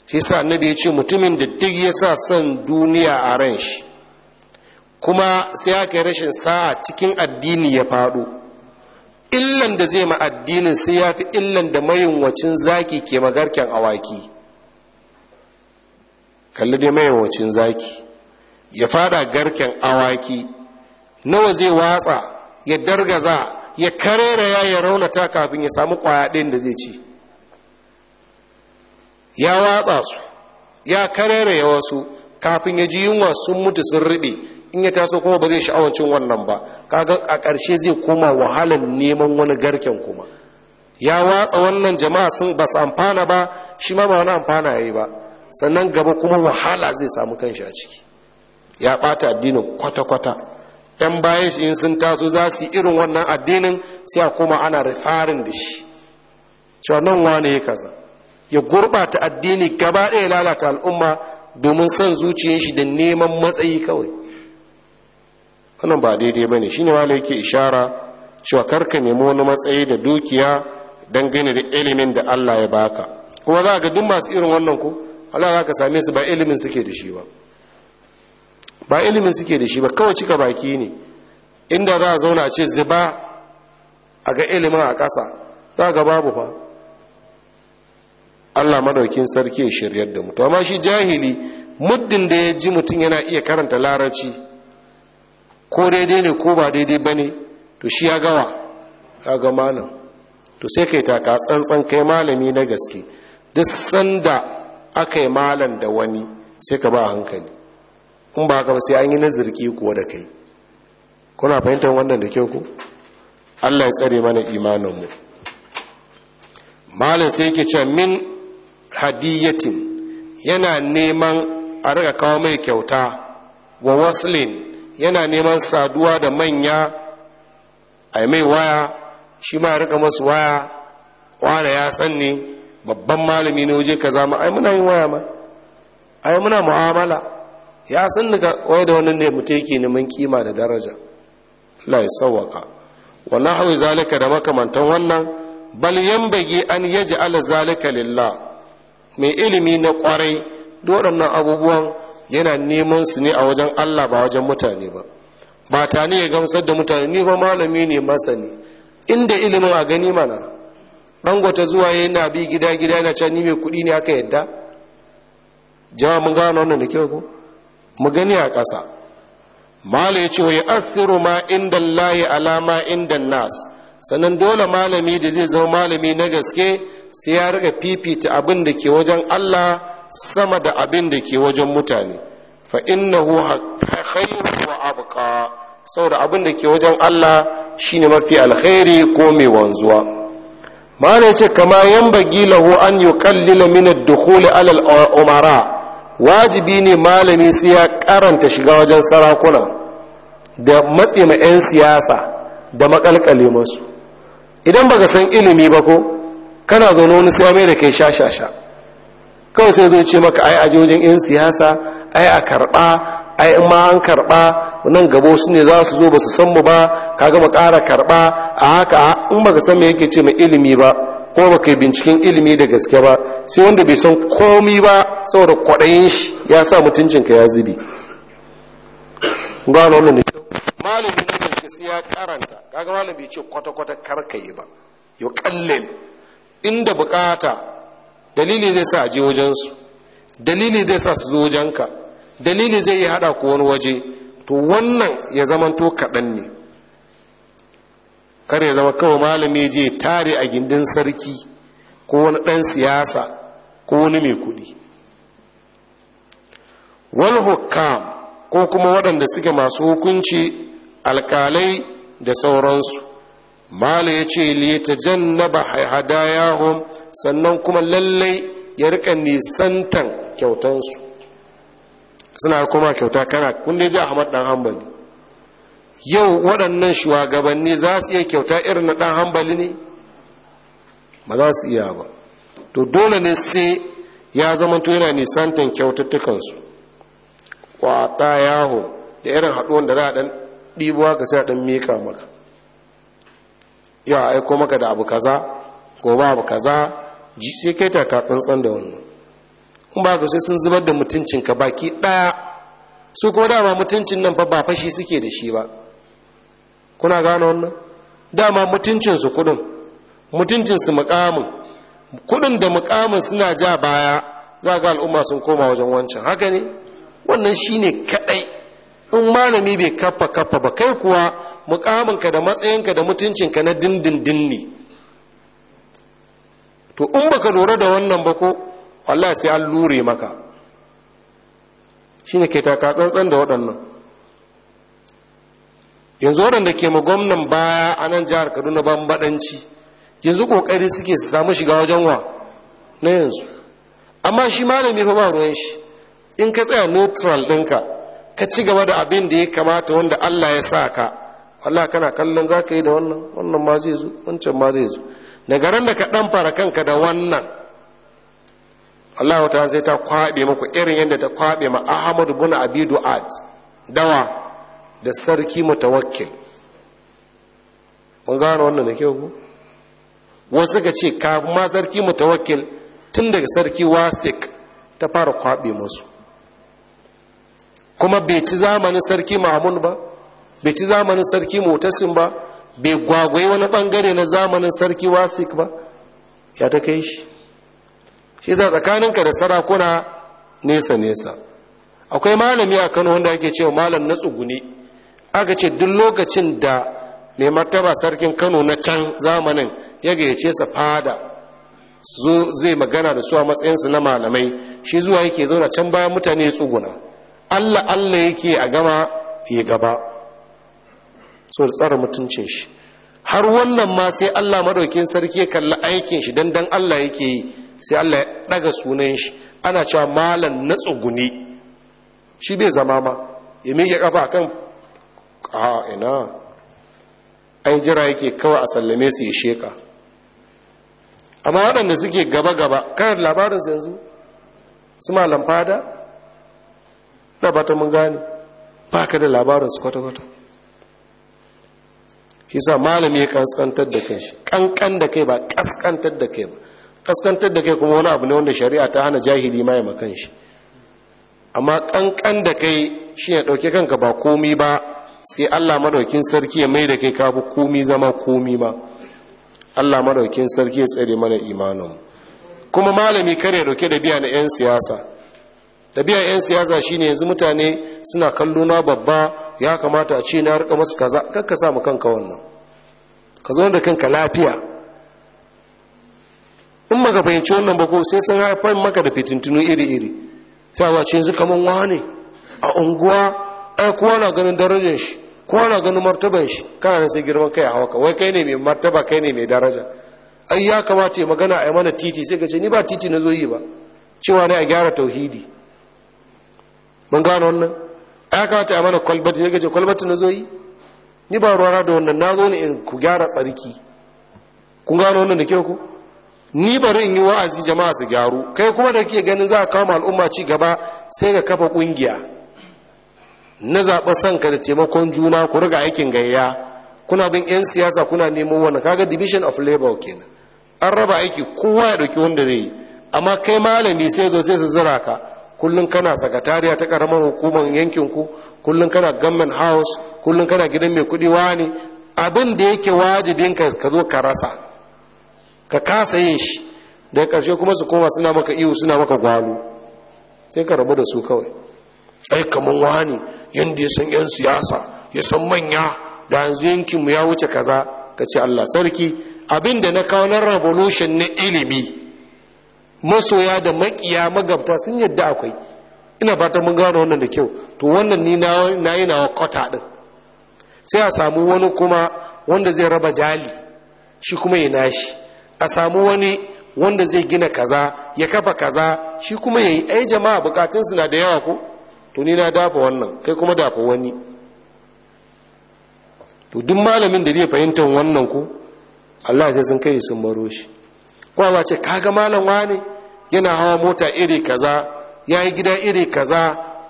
shi sa annabi ya ce mutumin da duk ya sa son duniya a ran shi kuma sai ya kai rashin sa'a cikin addini ya faɗo illan da zai ma addinin sai ya fi illan da mayunwacin zaki ke magarken awaki kalli dai mayunwacin zaki ya fada garken awaki nawa zai watsa ya dargaza ya karera ya raunata kafin ya samu kwaya ɗin da zai ci ya watsa su ya karera ya wasu kafin ya ji yunwa sun mutu sun riɓe in ya taso kuma ba zai sha'awancin wannan ba kaga a ƙarshe zai koma wahalar neman wani garken kuma ya watsa wannan jama'a sun ba su amfana ba shi ma ba wani amfana ya yi ba sannan gaba kuma wahala zai samu kan shi a ciki ya ɓata addinin kwata-kwata yan bayan shi in sun taso za su yi irin wannan addinin sai a koma ana rifarin da shi cewa nan wane ya kaza ya gurɓata addini gaba ɗaya lalata al'umma domin son zuciyar shi da neman matsayi kawai wannan ba daidai ba ne shi ne wale yake ishara cewa karka nemi wani matsayi da dukiya dangane da ilimin da allah ya baka kuma za ga duk masu irin wannan ku allah za ka same su ba ilimin suke da shi ba ba ilimin suke da shi ba kawai cika baki ne inda za a zauna ce ziba a ga ilimin a ƙasa za ga babu fa Allah madaukin sarki ya shiryar da mutu amma shi jahili muddin da ya ji mutum yana iya karanta larabci ko daidai ne ko ba daidai ba ne to shi ya gawa ya ga malam to sai kai taka tsantsan kai malami na gaske duk sanda aka yi malam da wani sai ka ba hankali in ba haka sai an yi nazirki kuwa da kai kuna fahimtar wannan da kyau ku allah ya tsare mana imaninmu malin sai yake can min hadiyatin yana neman a riga kawo mai kyauta wa waslin yana neman saduwa da manya a mai waya shi ma rika masu waya kwana ya san ne babban malami ne waje ka zama ai muna yin waya ma ai muna mu'amala ya san daga wai da wani ne mutum yake neman kima da daraja la yasawaka wa nahwi zalika da makamantan wannan bal yambagi an yaj'ala zalika lillah mai ilimi na kwarai duk waɗannan abubuwan yana neman su ne a wajen Allah ba wajen mutane ba ba ta ne ya gamsar da mutane ni fa malami ne masani inda ilimin a gani mana dangwata zuwa yana bi gida gida yana can ni mai kuɗi ne aka yadda jama'a mun gano wannan da kyau ko mu gani a ƙasa mala ya ce wa asiru ma inda layi alama inda nas sannan dole malami da zai zama malami na gaske sai ya riga fifita abin da ke wajen Allah sama da abin da ke wajen mutane fa innahu khairu wa abqa saboda abin da ke wajen Allah shine mafi alkhairi ko mai wanzuwa malai ce kama yan bagi lahu an yuqallila min ad-dukhul ala al-umara wajibi ne malami sai ya karanta shiga wajen sarakuna da matsima 'yan siyasa da makalkale masu idan baka san ilimi ba ko kana zaune wani sai mai da kai sha-sha-sha kawai sai zai ce maka ai aji wajen 'yan siyasa ai a karɓa ai in ma an karɓa nan gabo su ne za su zo ba su san mu ba ka gama ƙara karɓa a haka in baka san me yake ce mai ilimi ba ko baka yi binciken ilimi da gaske ba sai wanda bai san komi ba saboda kwaɗayin shi ya sa mutuncinka ya zubi gano wannan ne malami na gaske sai ya karanta kaga malami bai ce kwata-kwata yi ba yau kallil inda bukata dalili zai sa a je wajensu dalili zai sa su zo dalili zai yi hada ku wani waje to wannan ya zamanto kaɗan ne kar ya zama kawai malami je tare a gindin sarki ko wani ɗan siyasa ko wani mai kuɗi wal hukam ko kuma waɗanda suke masu hukunci alkalai da sauransu malai ya ce liyata jannaba hadayahum sannan kuma lallai ya rika nisantan kyautansu suna kuma kyauta kana kun ji ahmad ɗan hambali yau waɗannan shugabanni za su iya kyauta irin na ɗan hambali ne ba za su iya ba to dole ne sai ya zama to yana nisantan kyaututtukansu kwata yaho da irin haɗuwan da za a ɗan ɗibuwa ka sai a ɗan mika maka yau a aiko maka da abu kaza gobe abu kaza sai kai taka tsantsan da wannan in ba ka sai sun zubar da mutuncinka baki ɗaya su ko dama mutuncin nan fa ba fashi suke da shi ba kuna gane wannan dama mutuncinsu kudin mutuncinsu mukamin kudin da mukamin suna ja baya za ga al'umma sun koma wajen wancan haka ne wannan shine kaɗai, in malami bai kafa kafa ba kai kuwa mukaminka da matsayinka da mutuncinka na dindindin ne to in baka lura da wannan ba ko wallahi sai an lure maka ne ke taka tsantsan da waɗannan yanzu waɗanda ke ma gwamnan baya a nan jihar kaduna bambaɗanci yanzu ƙoƙari suke su samu shiga wajen wa na yanzu amma shi malami fa ba ruwan shi in ka tsaya neutral ɗinka ka ci gaba da abin da ya kamata wanda allah ya sa ka allah kana kallon za ka yi da wannan wannan ma zai zo wancan ma zai zo daga ran da ka ɗan fara kanka da wannan allah wata zai ta kwaɓe maku irin yadda ta kwaɓe ma ahmadu bin abidu dawa da sarki mutawakkil mun gano wannan da kyau wasu ka ce kafin ma sarki mutawakkil tun daga sarki wasik ta fara kwaɓe masu kuma bai ci zamanin sarki mamun ba bai ci zamanin sarki motasin ba bai gwagwai wani bangare na zamanin sarki wasik ba ya ta kai shi shi za tsakaninka da sarakuna nesa nesa akwai malami a kano wanda ake cewa malam na tsuguni aka ce duk lokacin da mai martaba sarkin kano na can zamanin ya gayyace sa fada zo zai magana da su a matsayinsu na malamai shi zuwa yake zauna can bayan mutane tsuguna allah allah yake a gama ya gaba so da tsara mutuncin shi har wannan ma sai allah madaukin sarki ya kalli aikin shi dan dan allah yake yi sai allah ya daga sunan shi ana cewa malam na tsuguni shi bai zama ma ya miƙe kafa akan a ina ai jira yake kawai a sallame su ya sheka amma waɗanda suke gaba-gaba labarin su yanzu su malam fada na bata mun gane ba ka da su kwata-kwata shi sa malami ya kaskantar da kai shi kankan da kai ba kaskantar da kai ba kaskantar da kai kuma wani abu ne wanda shari'a ta hana jahili ma ya makan shi amma kankan da kai shi ne ɗauke kanka ba komi ba sai Allah maɗaukin sarki ya mai da kai kabu komi zama komi ma Allah madaukin sarki ya tsare mana imanin kuma malami kare dauke da biya na yan siyasa da biya yan siyasa shine yanzu mutane suna kallo na babba ya kamata a ce na rika masu kaza kakka sa mu kanka wannan ka zo da kanka lafiya in baka fahimci wannan ba ko sai sun haifar maka da fitintunu iri-iri sai a wace yanzu kaman wane a unguwa ai kowa na ganin darajar shi kowa na ganin martaban shi kana da sai girman kai a hawaka wai kai ne mai martaba kai ne mai daraja ai ya kamata ya magana a mana titi sai ka ce ni ba titi na zoyi yi ba cewa ne a gyara tauhidi mun gano wannan ai kamata a mana kwalbati sai ka ce kwalbati na zoyi yi ni ba ruwa da wannan na zo ne in ku gyara tsarki kun gano wannan da kyau ku ni bari in yi wa'azi jama'a su gyaru kai kuma da ke ganin za a kawo al'umma ci gaba sai ka kafa kungiya na zaɓa son ka da taimakon juna ku riga aikin gayya kuna bin 'yan siyasa kuna neman wani kaga division of labor kenan an raba aiki kowa ya ɗauki wanda zai yi amma kai malami sai zo sai su zira ka kullum kana sakatariya ta karamar hukumar yankin ku kullum kana government house kullum kana gidan mai kuɗi wani abin da yake wajibin ka ka zo ka rasa ka kasa yin shi daga ƙarshe kuma su koma suna maka ihu suna maka gwalo sai ka rabu da su kawai ai kamar wani yadda ya san 'yan siyasa ya san manya da yanzu yankinmu ya wuce kaza ka ce allah sarki Abinda na kawo na revolution na ilimi masoya da makiya magabta sun yadda akwai ina ta mun gano wannan da kyau to wannan ni na yi nawa kwata din sai a samu wani kuma wanda zai raba jali shi kuma ya nashi a samu wani wanda zai gina kaza ya kafa kaza shi kuma ya yi ai jama'a bukatunsu na da yawa ko to ni na dafa wannan kai kuma dafa wani to duk malamin da zai fahimtar wannan ku Allah sai sun kai sun baro shi Kuma ba ce kaga malam wani yana hawa mota iri kaza yayi gida iri kaza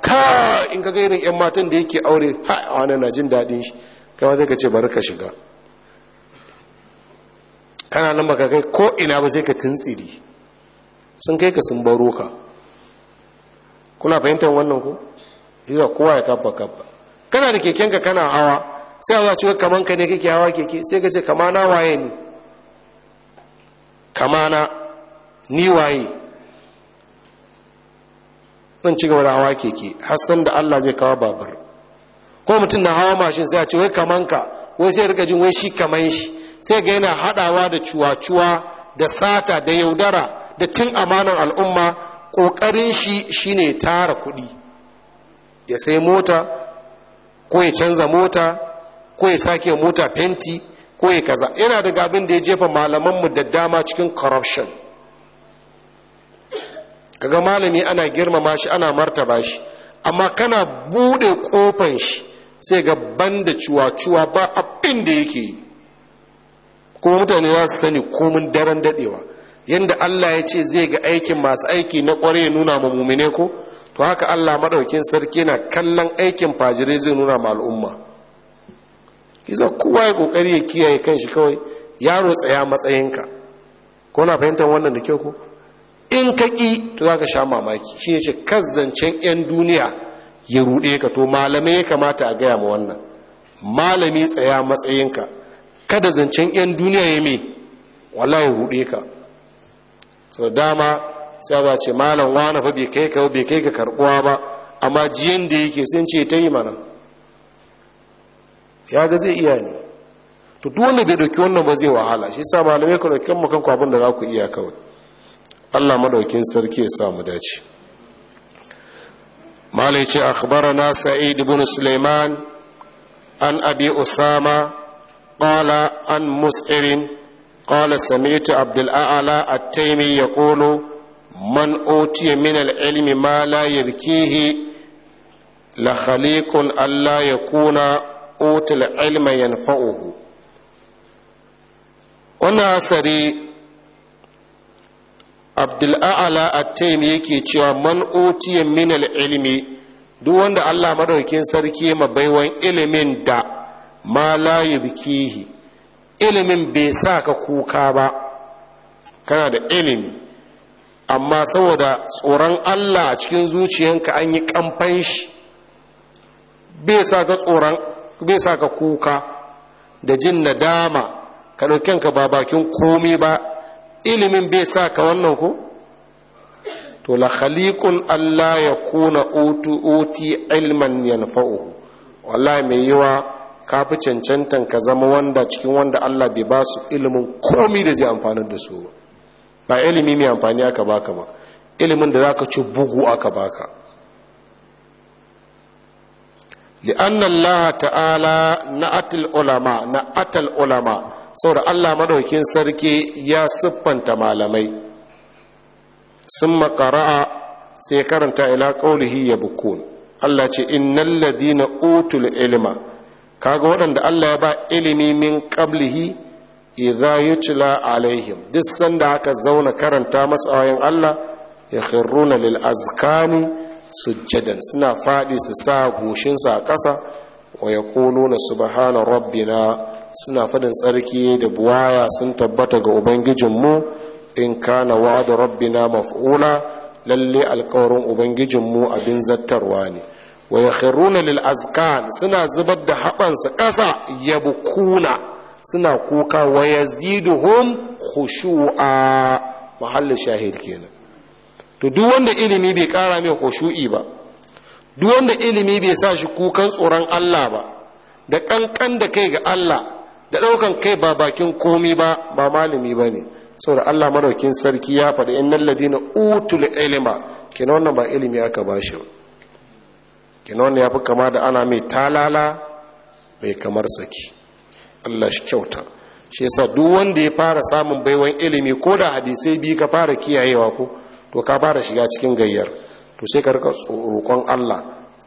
ka in kaga irin yan matan da yake aure ha wani na jin dadin shi kai ma zai ka ce bari ka shiga kana nan baka kai ko ina ba sai ka tuntsiri sun kai ka sun baro ka kuna fahimtar wannan ku yiwa kowa ya kabba kabba kana da kekenka kana hawa sai a zuwa kaman ka ne kake hawa keke sai ka ce kama na waye ni kama na ni waye zan ci gaba da hawa keke har da Allah zai kawo babur ko mutum na hawa mashin sai a ce wai kaman ka wai sai rika jin wai shi kaman shi sai ga yana hadawa da cuwa-cuwa da sata da yaudara da cin amanan al'umma ƙoƙarin shi shine tara kuɗi ya sai mota ko ya canza mota ko ya sake mota fenti ko ya kaza yana daga abin da ya jefa malamanmu da dama cikin corruption kaga malami ana girmama shi ana martaba shi amma kana bude kofan shi sai ga banda cuwa-cuwa ba abin da yake yi kuma mutane za su sani komin daren dadewa yadda allah ya ce zai ga aikin masu aiki na kware ya nuna ma ko to haka allah maɗaukin sarki na kallon aikin fajirai zai nuna ma al'umma kisa kowa ya ƙoƙari ya kiyaye kan shi kawai yaro tsaya matsayinka ko na fahimtar wannan da kyau ko in ka ƙi to za ka sha mamaki shi ne ce kazzancen 'yan duniya ya ruɗe ka to malamai ya kamata a gaya ma wannan malami tsaya matsayinka kada zancen 'yan duniya ya mai wala ya ruɗe ka sau dama sai ba ce malam wani fa bai kai ka bai kai ka karbuwa ba amma jiyan da yake sun ce ta yi mana ya ga zai iya ne to dole wanda bai dauki wannan ba zai wahala shi sa malamai ka dauki mu kanku abin da za ku iya kawai Allah madaukin sarki ya sa mu dace malai ce akhbarana sa'id ibn sulaiman an abi usama قال an مسعر قال سمعت عبد الأعلى التيمي يقول man otiya min al'ilmi ma la yarkihi la khaliqun Allah ya kuna otil ilma yanfa'uhu wannan asari abdul'a'ala at-taimi yake cewa man otiya min al'ilmi duk wanda Allah madaukin sarki ma baiwan ilimin da ma la yubkihi ilimin bai sa ka kuka ba kana da ilimi amma saboda tsoron Allah a cikin zuciyanka an yi kamfan shi bai sa ka tsoron bai sa ka kuka da jin nadama ka ɗauken ka ba bakin komi ba ilimin bai sa ka wannan ko to la khaliqun Allah ya kuna utu uti ilman yanfa'u wallahi mai yiwa ka fi cancantan ka zama wanda cikin wanda Allah bai ba su ilimin komi da zai amfanar da su ba ba ilimi mai amfani aka baka ba ilimin da za ka ci bugu aka baka li'anna Allah ta'ala na'atul ulama na'atul ulama saboda Allah madaukin sarki ya siffanta malamai sun makara'a sai karanta ila ya yabkun Allah ce innal ladina utul ilma kaga waɗanda Allah ya ba ilimi min qablihi idza yutla alaihim duk sanda aka zauna karanta matsayin Allah ya khiruna lil azkani sujjadan suna fadi su sa goshin sa a ƙasa wa yaquluna subhana rabbina suna fadin tsarki da buwaya sun tabbata ga ubangijinmu in kana wa'du rabbina maf'ula lalle ubangijin mu abin zattarwa ne wa yakhiruna lil azkan suna zubar da haɓansa ƙasa yabkuna suna kuka wa yaziduhum khushu'a mahallin shahid kenan to duk wanda ilimi bai kara mai khushu'i ba duk wanda ilimi bai sa shi kukan tsoron Allah ba da kankan da kai ga Allah da daukan kai ba bakin komi ba ba malami ba ne saboda Allah madaukin sarki ya faɗi innal ladina utul ilma kenan wannan ba ilimi aka ba shi ba kenan wannan fi kama da ana mai talala bai kamar saki Allah shi kyauta shi yasa duk wanda ya fara samun baiwan ilimi ko da hadisai biyu ka fara kiyayewa ko to ka fara shiga cikin gayyar to sai ka rika tsoron Allah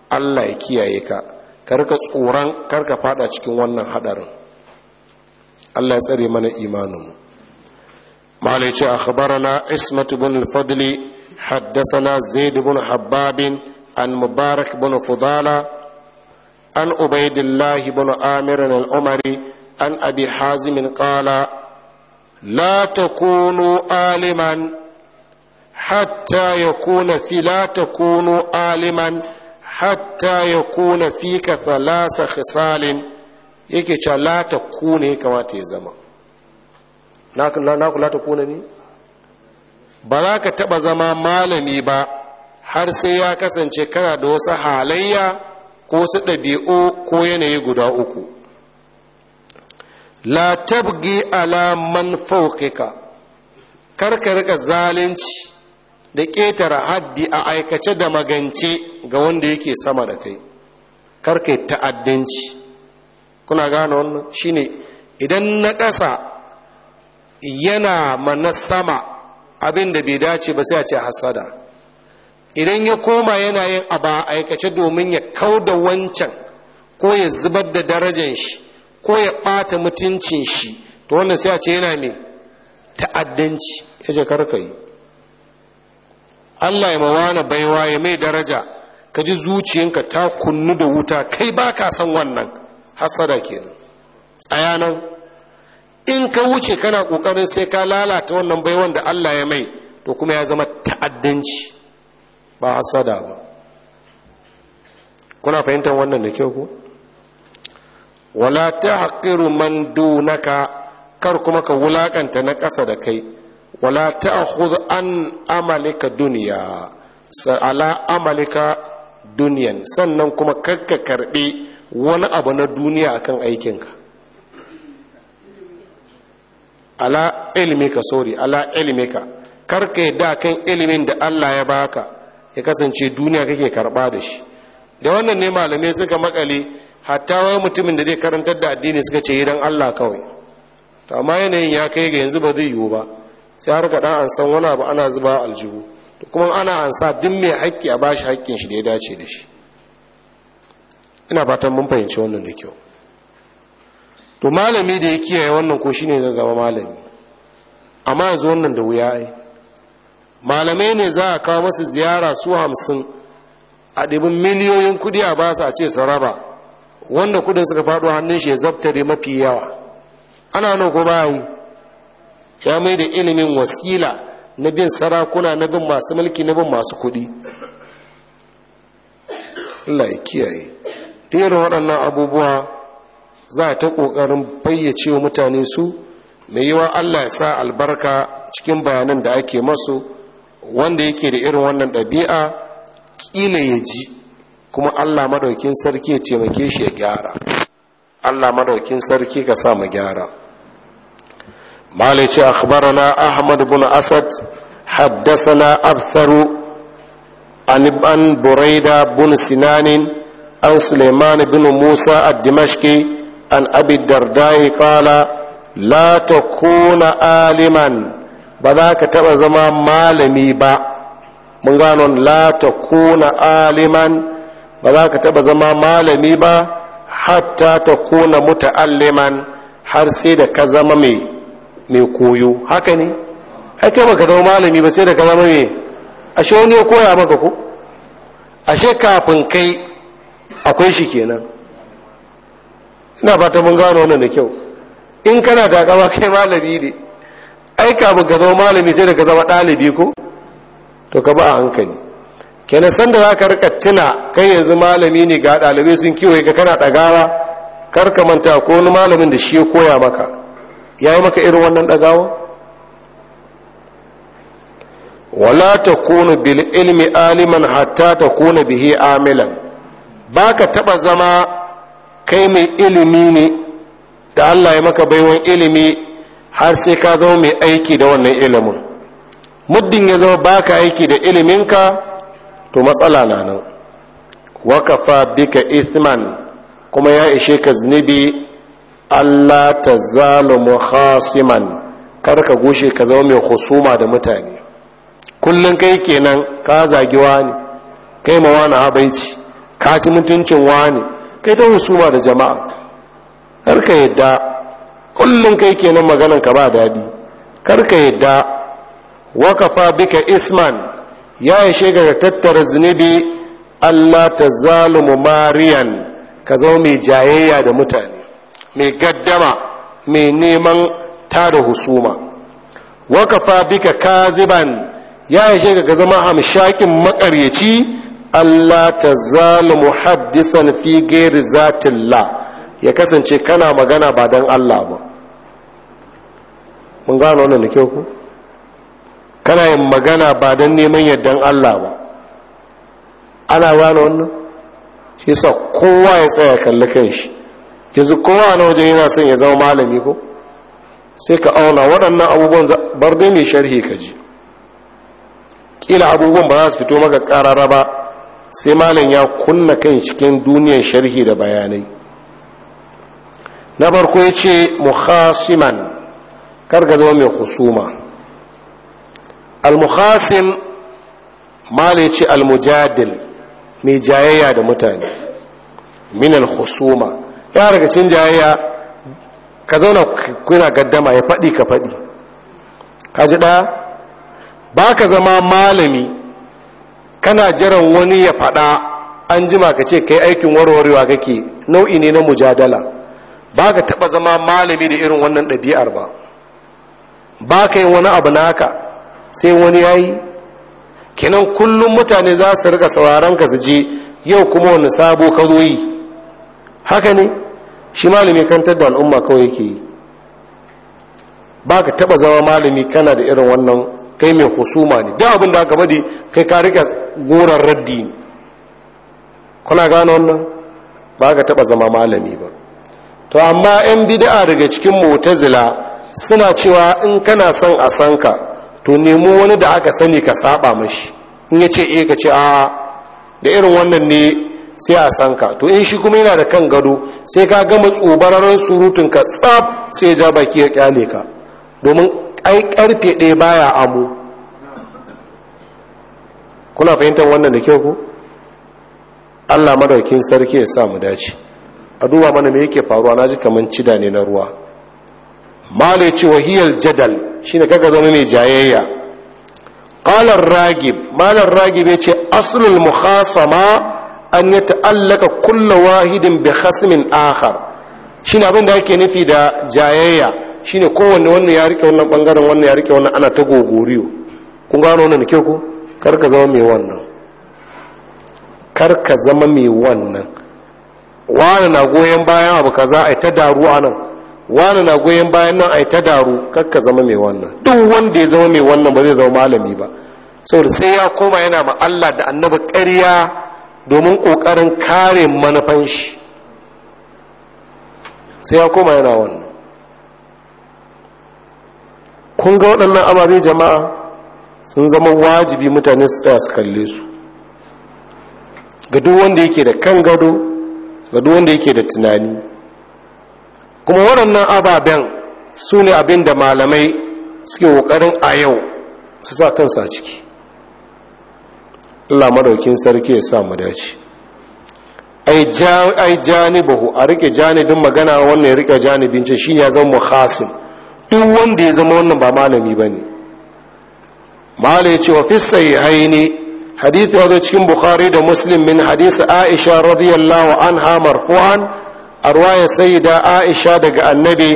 Allah ya kiyaye ka ka rika tsoron kar ka fada cikin wannan hadarin Allah ya tsare mana imaninmu malai ce akhbarana ismat ibn al-fadl haddathana zaid ibn habbab an mubarak ibn fudala an ubaidillah ibn amir al-umari an abi hazimin qala la takunu aliman hatta yakuna fi la takunu aliman hatta yakuna fika thalasa khisalin yake cewa la takuna ya kamata ya zama na la ta kuna ne ba za ka taɓa zama malami ba har sai ya kasance kana da wasu halayya ko su ɗabi'u ko yanayi guda uku la tabgi ala man fawqika kar ka rika zalunci da ƙetare haddi a aikace da magance ga wanda yake sama da kai kar ka ta'addanci kuna gane wannan shine idan na ƙasa yana mana sama abin da bai dace ba sai a ce hasada idan ya koma yana yin abu a aikace domin ya kau da wancan ko ya zubar da darajan shi ko ya ɓata mutuncin shi to wannan sai a ce yana mai ta'addanci ya ce karka yi allah ya mawana baiwa ya mai daraja ka ji zuciyanka ta kunnu da wuta kai ba ka san wannan hasada kenan tsaya nan in ka wuce kana ƙoƙarin sai ka lalata wannan baiwan da allah ya mai to kuma ya zama ta'addanci ba hasada ba kuna fahimtar wannan da kyau ko wala ta haƙiru man dunaka kar kuma ka wulaƙanta na ƙasa da kai wala ta'khudh an amalika duniya ala amalika duniyan sannan kuma karka karɓi wani abu na duniya a kan aikinka ala ilmika sorry ala ilmika karka yadda kan ilimin da Allah ya baka ya kasance duniya kake karɓa da shi da wannan ne malamai suka makale hatta wai mutumin da zai karantar da addini suka ce idan Allah kawai to amma yanayin ya kai ga yanzu ba zai yiwu ba sai har ka dan an san wani abu ana zuba aljihu to kuma ana ansa duk mai haƙƙi a bashi haƙƙin shi da ya dace da shi ina fatan mun fahimci wannan da kyau to malami da ya kiyaye wannan ko shine zai zama malami amma yanzu wannan da wuya ai malamai ne za a kawo masu ziyara su hamsin a ɗibin miliyoyin kudi a basu a ce su raba wanda kudin suka faɗo hannun shi ya zabtare mafi yawa ana nan ko bayan ya mai da ilimin wasila na bin sarakuna na bin masu mulki na bin masu kudi Allah ya kiyaye irin waɗannan abubuwa za a ta ƙoƙarin bayyace wa mutane su mai yiwa Allah ya sa albarka cikin bayanan da ake masu wanda yake da irin wannan ɗabi'a ƙila ya ji kuma Allah madaukin sarki ya taimake shi ya gyara Allah madaukin sarki ka sa mu gyara malici akhbarana ahmad ibn asad haddathana absaru an ibn burayda ibn sinan an Suleiman ibn musa ad-dimashqi an abi dardai qala la takuna aliman ba za ka taɓa zama malami ba mun gano la takuna aliman ba za ka taba zama malami ba hatta ta kona muta'alliman har sai da ka zama mai koyo haka ne ake baka zama malami ba sai da ka zama mai ashe wani ya koya maka ko ashe kafin kai akwai shi kenan ina fata mun gano wannan da kyau in kana takama kai malami ne ai kafin ka zama malami sai da ka zama ɗalibi ko to ka ba a hankali kenan sanda za ka rika tuna kai yanzu malami ne ga ɗalibai sun kiwaye ka kana ɗagawa karka manta ko wani malamin da shi ya koya maka ya yi maka irin wannan ɗagawa wala ta kunu bil ilmi aliman hatta ta kuna bihi amilan ba ka taɓa zama kai mai ilimi ne da allah ya maka baiwan ilimi har sai ka zama mai aiki da wannan ilimin muddin ya zama ba ka aiki da iliminka to matsala na nan wakafa bika ithman kuma ya ishe ka zunubi allah ta zalimu khasiman kar ka gushe ka zama mai husuma da mutane kullum kai kenan ka zagi wani kai ma wani abinci ka ci mutuncin wani kai ta husuma da jama'a kar ka yadda kullum kai kenan maganan ka ba daɗi kar ka yadda wakafa bika isman ya yi ga tattara zunubi Allah ta zalumu mariyan ka zama mai jayayya da mutane mai gaddama mai neman tada husuma wakafa bika kaziban ya ishe ka zama hamshakin makaryaci Allah ta zalumu haddisan fi gairi la, ya kasance kana magana ba don Allah ba mun gano wannan da kyau ku kana yin magana ba don neman yardan Allah ba ana gane wannan shi sa kowa ya tsaya kalli kan shi yanzu kowa na wajen yana son ya zama malami ko sai ka auna waɗannan abubuwan bar dai mai sharhi ka ji kila abubuwan ba za su fito maka ƙarara ba sai malam ya kunna kan cikin duniyar sharhi da bayanai na farko ya ce muhasiman ka zama mai husuma al-mukhasim malici al-mujadil mai jayayya da mutane min al-husuma ya daga cin jayayya ka zauna kuna gaddama ya faɗi ka faɗi ka ji ɗaya ba ka zama malami kana jiran wani ya faɗa an jima ka ce kai aikin warwarewa kake nau'i ne na mujadala ba ka taɓa zama malami da irin wannan ɗabi'ar ba ba ka yi wani abu naka sai wani ya yi kenan kullum mutane za su rika sauraron ka su je yau kuma wani sabo ka zo yi haka ne shi malami kantar da al'umma kawai yake yi ba ka taba zama malami kana da irin wannan kai mai husuma ne da abin da aka bade kai ka rika goron raddi ne kuna gano wannan ba ka taba zama malami ba to amma 'yan bid'a daga cikin zila suna cewa in kana son a san ka to nemo wani da aka sani ka saba mashi in ya ce iya eh, ka ce a ah, da irin wannan ne sai a san ka to in shi kuma yana da kan gado sai ka gama tsobararren surutun ka tsab sai ja baki ya kyale ka domin ai karfe ɗaya baya amo kuna fahimtar wannan da kyau ku Allah madaukin sarki ya sa mu dace a duba mana me yake faruwa na naji kaman cida ne na ruwa ya ce wahiyal jadal shine kaka zama mai jayayya qalar ragib malar ragib yace aslul mukhasama an yata'allaka kullu wahidin bi khasmin akhar shi abin da yake nufi da jayayya shine kowanne wannan ya rike wannan bangaren wannan ya rike wannan ana ta gogoriyo kun gano wannan ne ku karka zama mai wannan karka zama mai wannan wani na goyon bayan abu kaza a ta daru a nan wani na goyon bayan nan a ta daru kakka zama mai wannan duk wanda ya zama mai wannan ba zai zama malami ba saboda sai ya koma yana ma Allah da annaba ƙarya domin ƙoƙarin kare manufan shi sai ya koma yana wannan kun ga waɗannan ababe jama'a sun zama wajibi mutane su tsaya su kalle su ga duk wanda yake da kan gado ga duk wanda yake da tunani kuma waɗannan ababen su ne abin da malamai suke ƙoƙarin a yau su sa kansa a ciki allah maɗaukin sarki ya sa mu dace ai janibahu a rike janibin magana wannan ya rike janibin ce shi ya zama Khasim, duk wanda ya zama wannan ba malami ba ne mala ya ce wa fisai haini hadithu ya cikin bukhari da muslim min hadisi aisha radiyallahu hamar marfu'an a ruwayar sayyida aisha daga annabi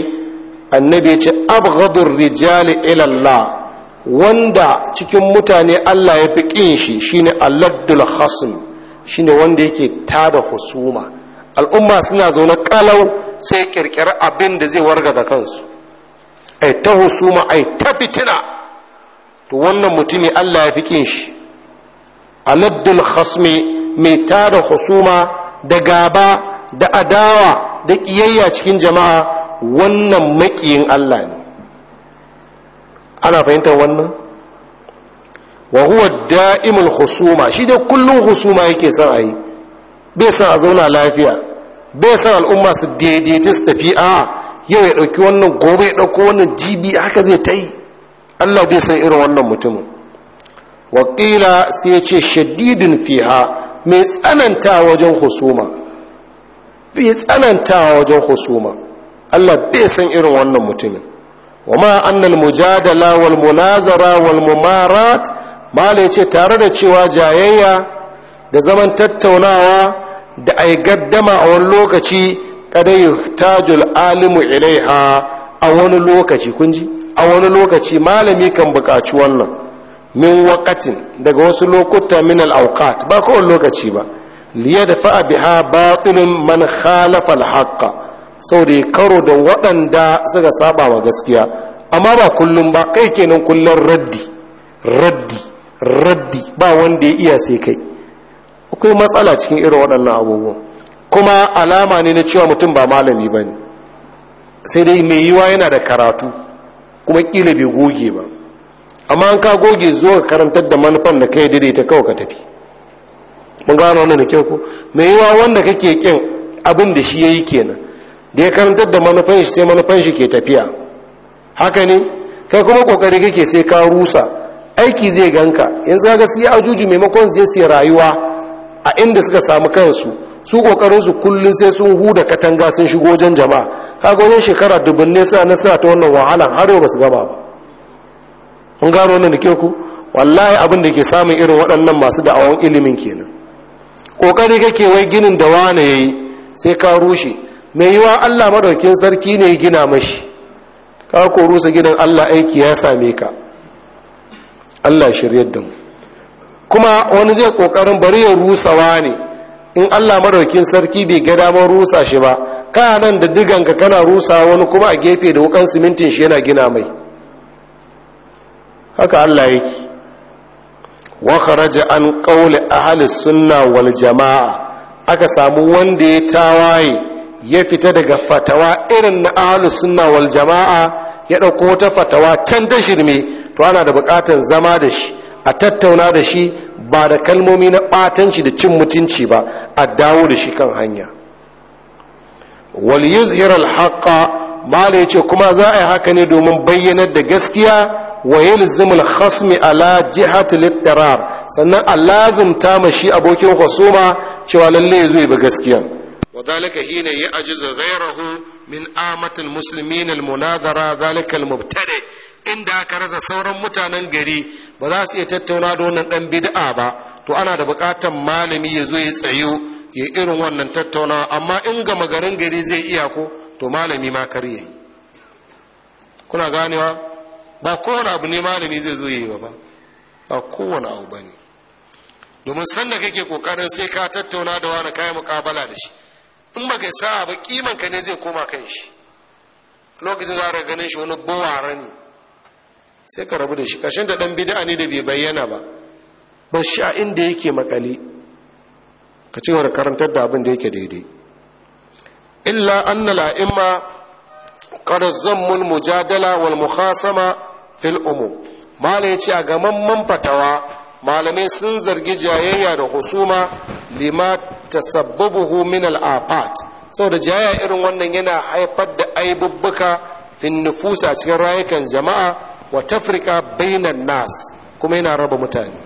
annabi ce abghadur rijali ilallah wanda cikin mutane Allah ya fi ƙin shi shine aladdul khasm shine wanda yake tada husuma al'umma suna zaune kalau sai kirkira abin da zai warga da kansu ai ta husuma ai ta fitina to wannan mutumi Allah ya fi ƙin shi aladdul khasmi mai tada husuma da gaba da adawa da ƙiyayya cikin jama'a wannan maƙiyin Allah ne ana fahimtar wannan wa huwa da'imul husuma shi dai kullun husuma yake son a yi bai son a zauna lafiya bai son al'umma su daidaita su tafi'a. yau ya ɗauki wannan gobe ya ɗauko wannan jibi haka zai ta yi allah bai san irin wannan mutumin wakila sai ce shadidin fiha mai tsananta wajen husuma bai tsananta wajen husuma Allah bai san irin wannan mutumin wa ma annal mujadala wal munazara wal mumarat mala ce tare da cewa jayayya da zaman tattaunawa da ai gaddama a wani lokaci kadai tajul alimu ilaiha a wani lokaci kunji a wani lokaci malami kan buƙaci wannan min wakatin daga wasu lokuta min al ba kowane lokaci ba liyadfa biha batilun man khalafa al-haqqa saboda ya karo da waɗanda suka saɓa wa gaskiya amma ba kullum ba kai kenan kullum raddi raddi raddi ba wanda ya iya sai kai akwai matsala cikin irin waɗannan abubuwan kuma alama ne na cewa mutum ba malami ba ne sai dai mai yiwa yana da karatu kuma ƙila bai goge ba amma an ka goge zuwa karantar da manufan da kai daidaita kawai ka tafi mun gano wannan da kyau ko me yawa wanda kake kin abin da shi yayi kenan da ya karantar da manufan shi sai manufan shi ke tafiya haka ne kai kuma kokari kake sai ka rusa aiki zai ganka yanzu ga su ajuju maimakon zai siya rayuwa a inda suka samu kansu su kokarin su kullun sai sun huda katanga sun shigo wajen jama'a kaga wajen shekara dubunne na sa ta wannan wahalan har yau ba su gaba ba mun gano wannan da kyau ku wallahi abin da ke samun irin waɗannan masu da'awon ilimin kenan kokari kake wai ginin da wane yayi sai ka rushe mai yiwa allah madaukin sarki ne gina mashi ka ko rusa gidan allah aiki ya same ka allah shiryar da mu kuma wani zai ƙoƙarin bari ya rusawa ne in allah madaukin sarki bai ga damar rusa shi ba ka nan da diganka kana rusa wani kuma a gefe da wukan simintin shi yana gina mai haka allah yake wa kharaja an qawli ahli sunna wal jamaa aka samu wanda ya tawaye ya fita daga fatawa irin na ahli sunna wal jamaa ya ɗauko ta fatawa can ta shirme to ana da bukatar zama da shi a tattauna da shi ba da kalmomi na ɓatanci da cin mutunci ba a dawo da shi kan hanya wal yuzhiral al haqa mala yace kuma za a yi haka ne domin bayyanar da gaskiya wa yalzimu khasmi ala jihati al-ittirar sannan allazimta ma shi abokin husuma cewa lalle zai ba gaskiya وذلك حين min غيره من آمة المسلمين zalika ذلك المبتدئ inda aka rasa sauran mutanen gari ba za su iya tattauna da wannan dan bid'a ba to ana da bukatan malami yazo zo ya tsayo ya irin wannan tattauna amma in gama garin gari zai iya ko to malami ma kar kuna ganewa ba kowane abu ne malami zai zo yi ba ba kowane abu ba ne domin sanda kake kokarin sai ka tattauna da wani kayan mukabala da shi in kai sa ba kiman ka ne zai koma kan shi lokacin za ka ganin shi wani bowara ne sai ka rabu da shi kashin da dan bid'a ne da bai bayyana ba ba shi a inda yake makali ka ci karantar da abin da yake daidai illa annal a'imma qad zammul mujadala wal fil umum mala ya ce a gamamman fatawa malamai sun zargi jayayya da husuma lima tasabbabuhu min al'afat saboda jayayya irin wannan yana haifar da aibubbuka fin nufusa a cikin rayukan jama'a wa tafrika bainan nas kuma yana raba mutane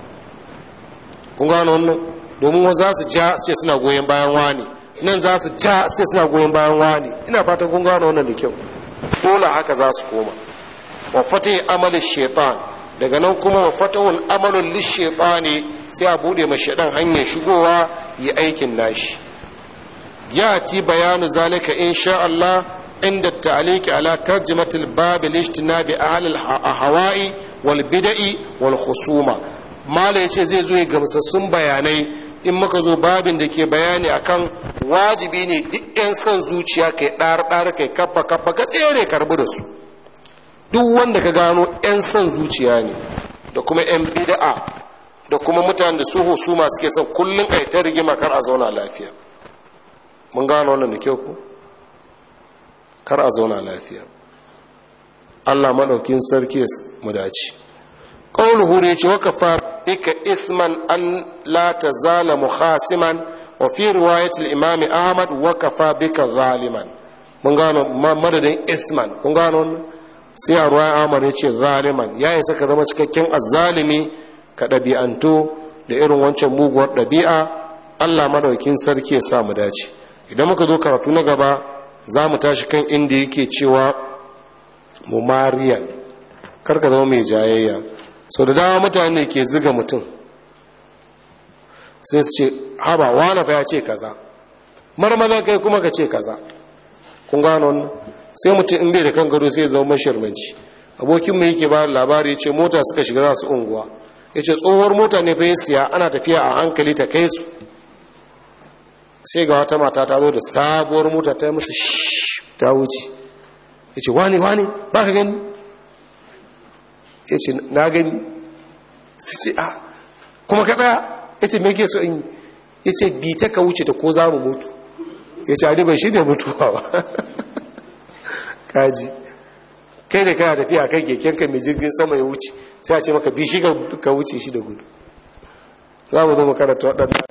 kun gano wannan domin za su ja su ce suna goyon bayan wani nan za su ja su ce suna goyon bayan wani ina fatan kun gano wannan da kyau dole haka za su koma wa fatih amalin shaitan daga nan kuma wa fatahun amalin ne sai a bude ma shaitan hanyar shigowa yi aikin nashi ya ti bayanu zalika insha Allah inda ta'aliki ala tarjimatul babi lishtinabi ahlil hawa'i wal bida'i wal khusuma mala ce zai zo ya gamsassun bayanai in muka zo babin da ke bayani akan wajibi ne duk 'yan son zuciya kai ɗar-ɗar kai kaffa kaffa ka tsere karbu da su duk wanda ka gano 'yan son zuciya ne da kuma 'yan bida'a da kuma mutane da suho su masu ke son kullum a ta rigima kar a zauna lafiya mun gano wannan da kyau ku kar a zauna lafiya allah maɗaukin sarki ya mu dace ƙaunuhu hure ce waka fa bika isman an la ta zala Hasiman wa fi riwayatul imami ahmad waka fa bika zaliman mun gano madadin isman kun gano wannan sai a ruwan amurin ce zaliman ya isa ka zama cikakken zalimi ka ɗabi'antu da irin wancan muguwar ɗabi'a allah madaukin sarki ya sa mu dace idan muka zo karatu na gaba za mu tashi kan inda yake cewa mumariyan karka zama mai jayayya so da dama mutane ke ziga mutum sai su ce haba wane fa ya ce kaza marmaza kai kuma ka ce kaza kun gano sai mutum in bai da kan gado sai zama mashirmanci abokin mai yake ba labari ya ce mota suka shiga za su unguwa ya ce tsohuwar mota ne bai siya ana tafiya a hankali ta kai su sai ga wata mata ta zo da sabuwar mota ta yi musu ta wuce ya ce wani wani ba ka gani ya ce na gani su ce a ah, kuma ka ɗaya ya ce mai ke so in ya ce bi ta ka wuce ta ko za mu mutu ya ce a shi ne mutuwa ba kaji kai da kai kana tafiya kai keken ka mai jirgin sama ya wuce sai a ce maka bi shi ka wuce shi da gudu za mu zo mu karanta waɗannan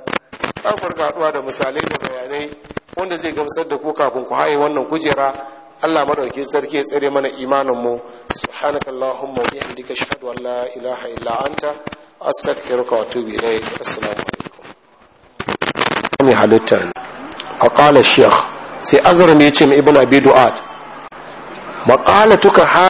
an farka da misalai da bayanai wanda zai gamsar da ku kafin ku haye wannan kujera Allah maɗauki sarki ya tsare mana imanin mu subhanaka allahumma wa bihamdika ashhadu an la ilaha illa anta astaghfiruka wa atubu ilaik assalamu alaikum halitta ne a qala shaykh sai azrami ya ce ibn abi du'at maqalatuka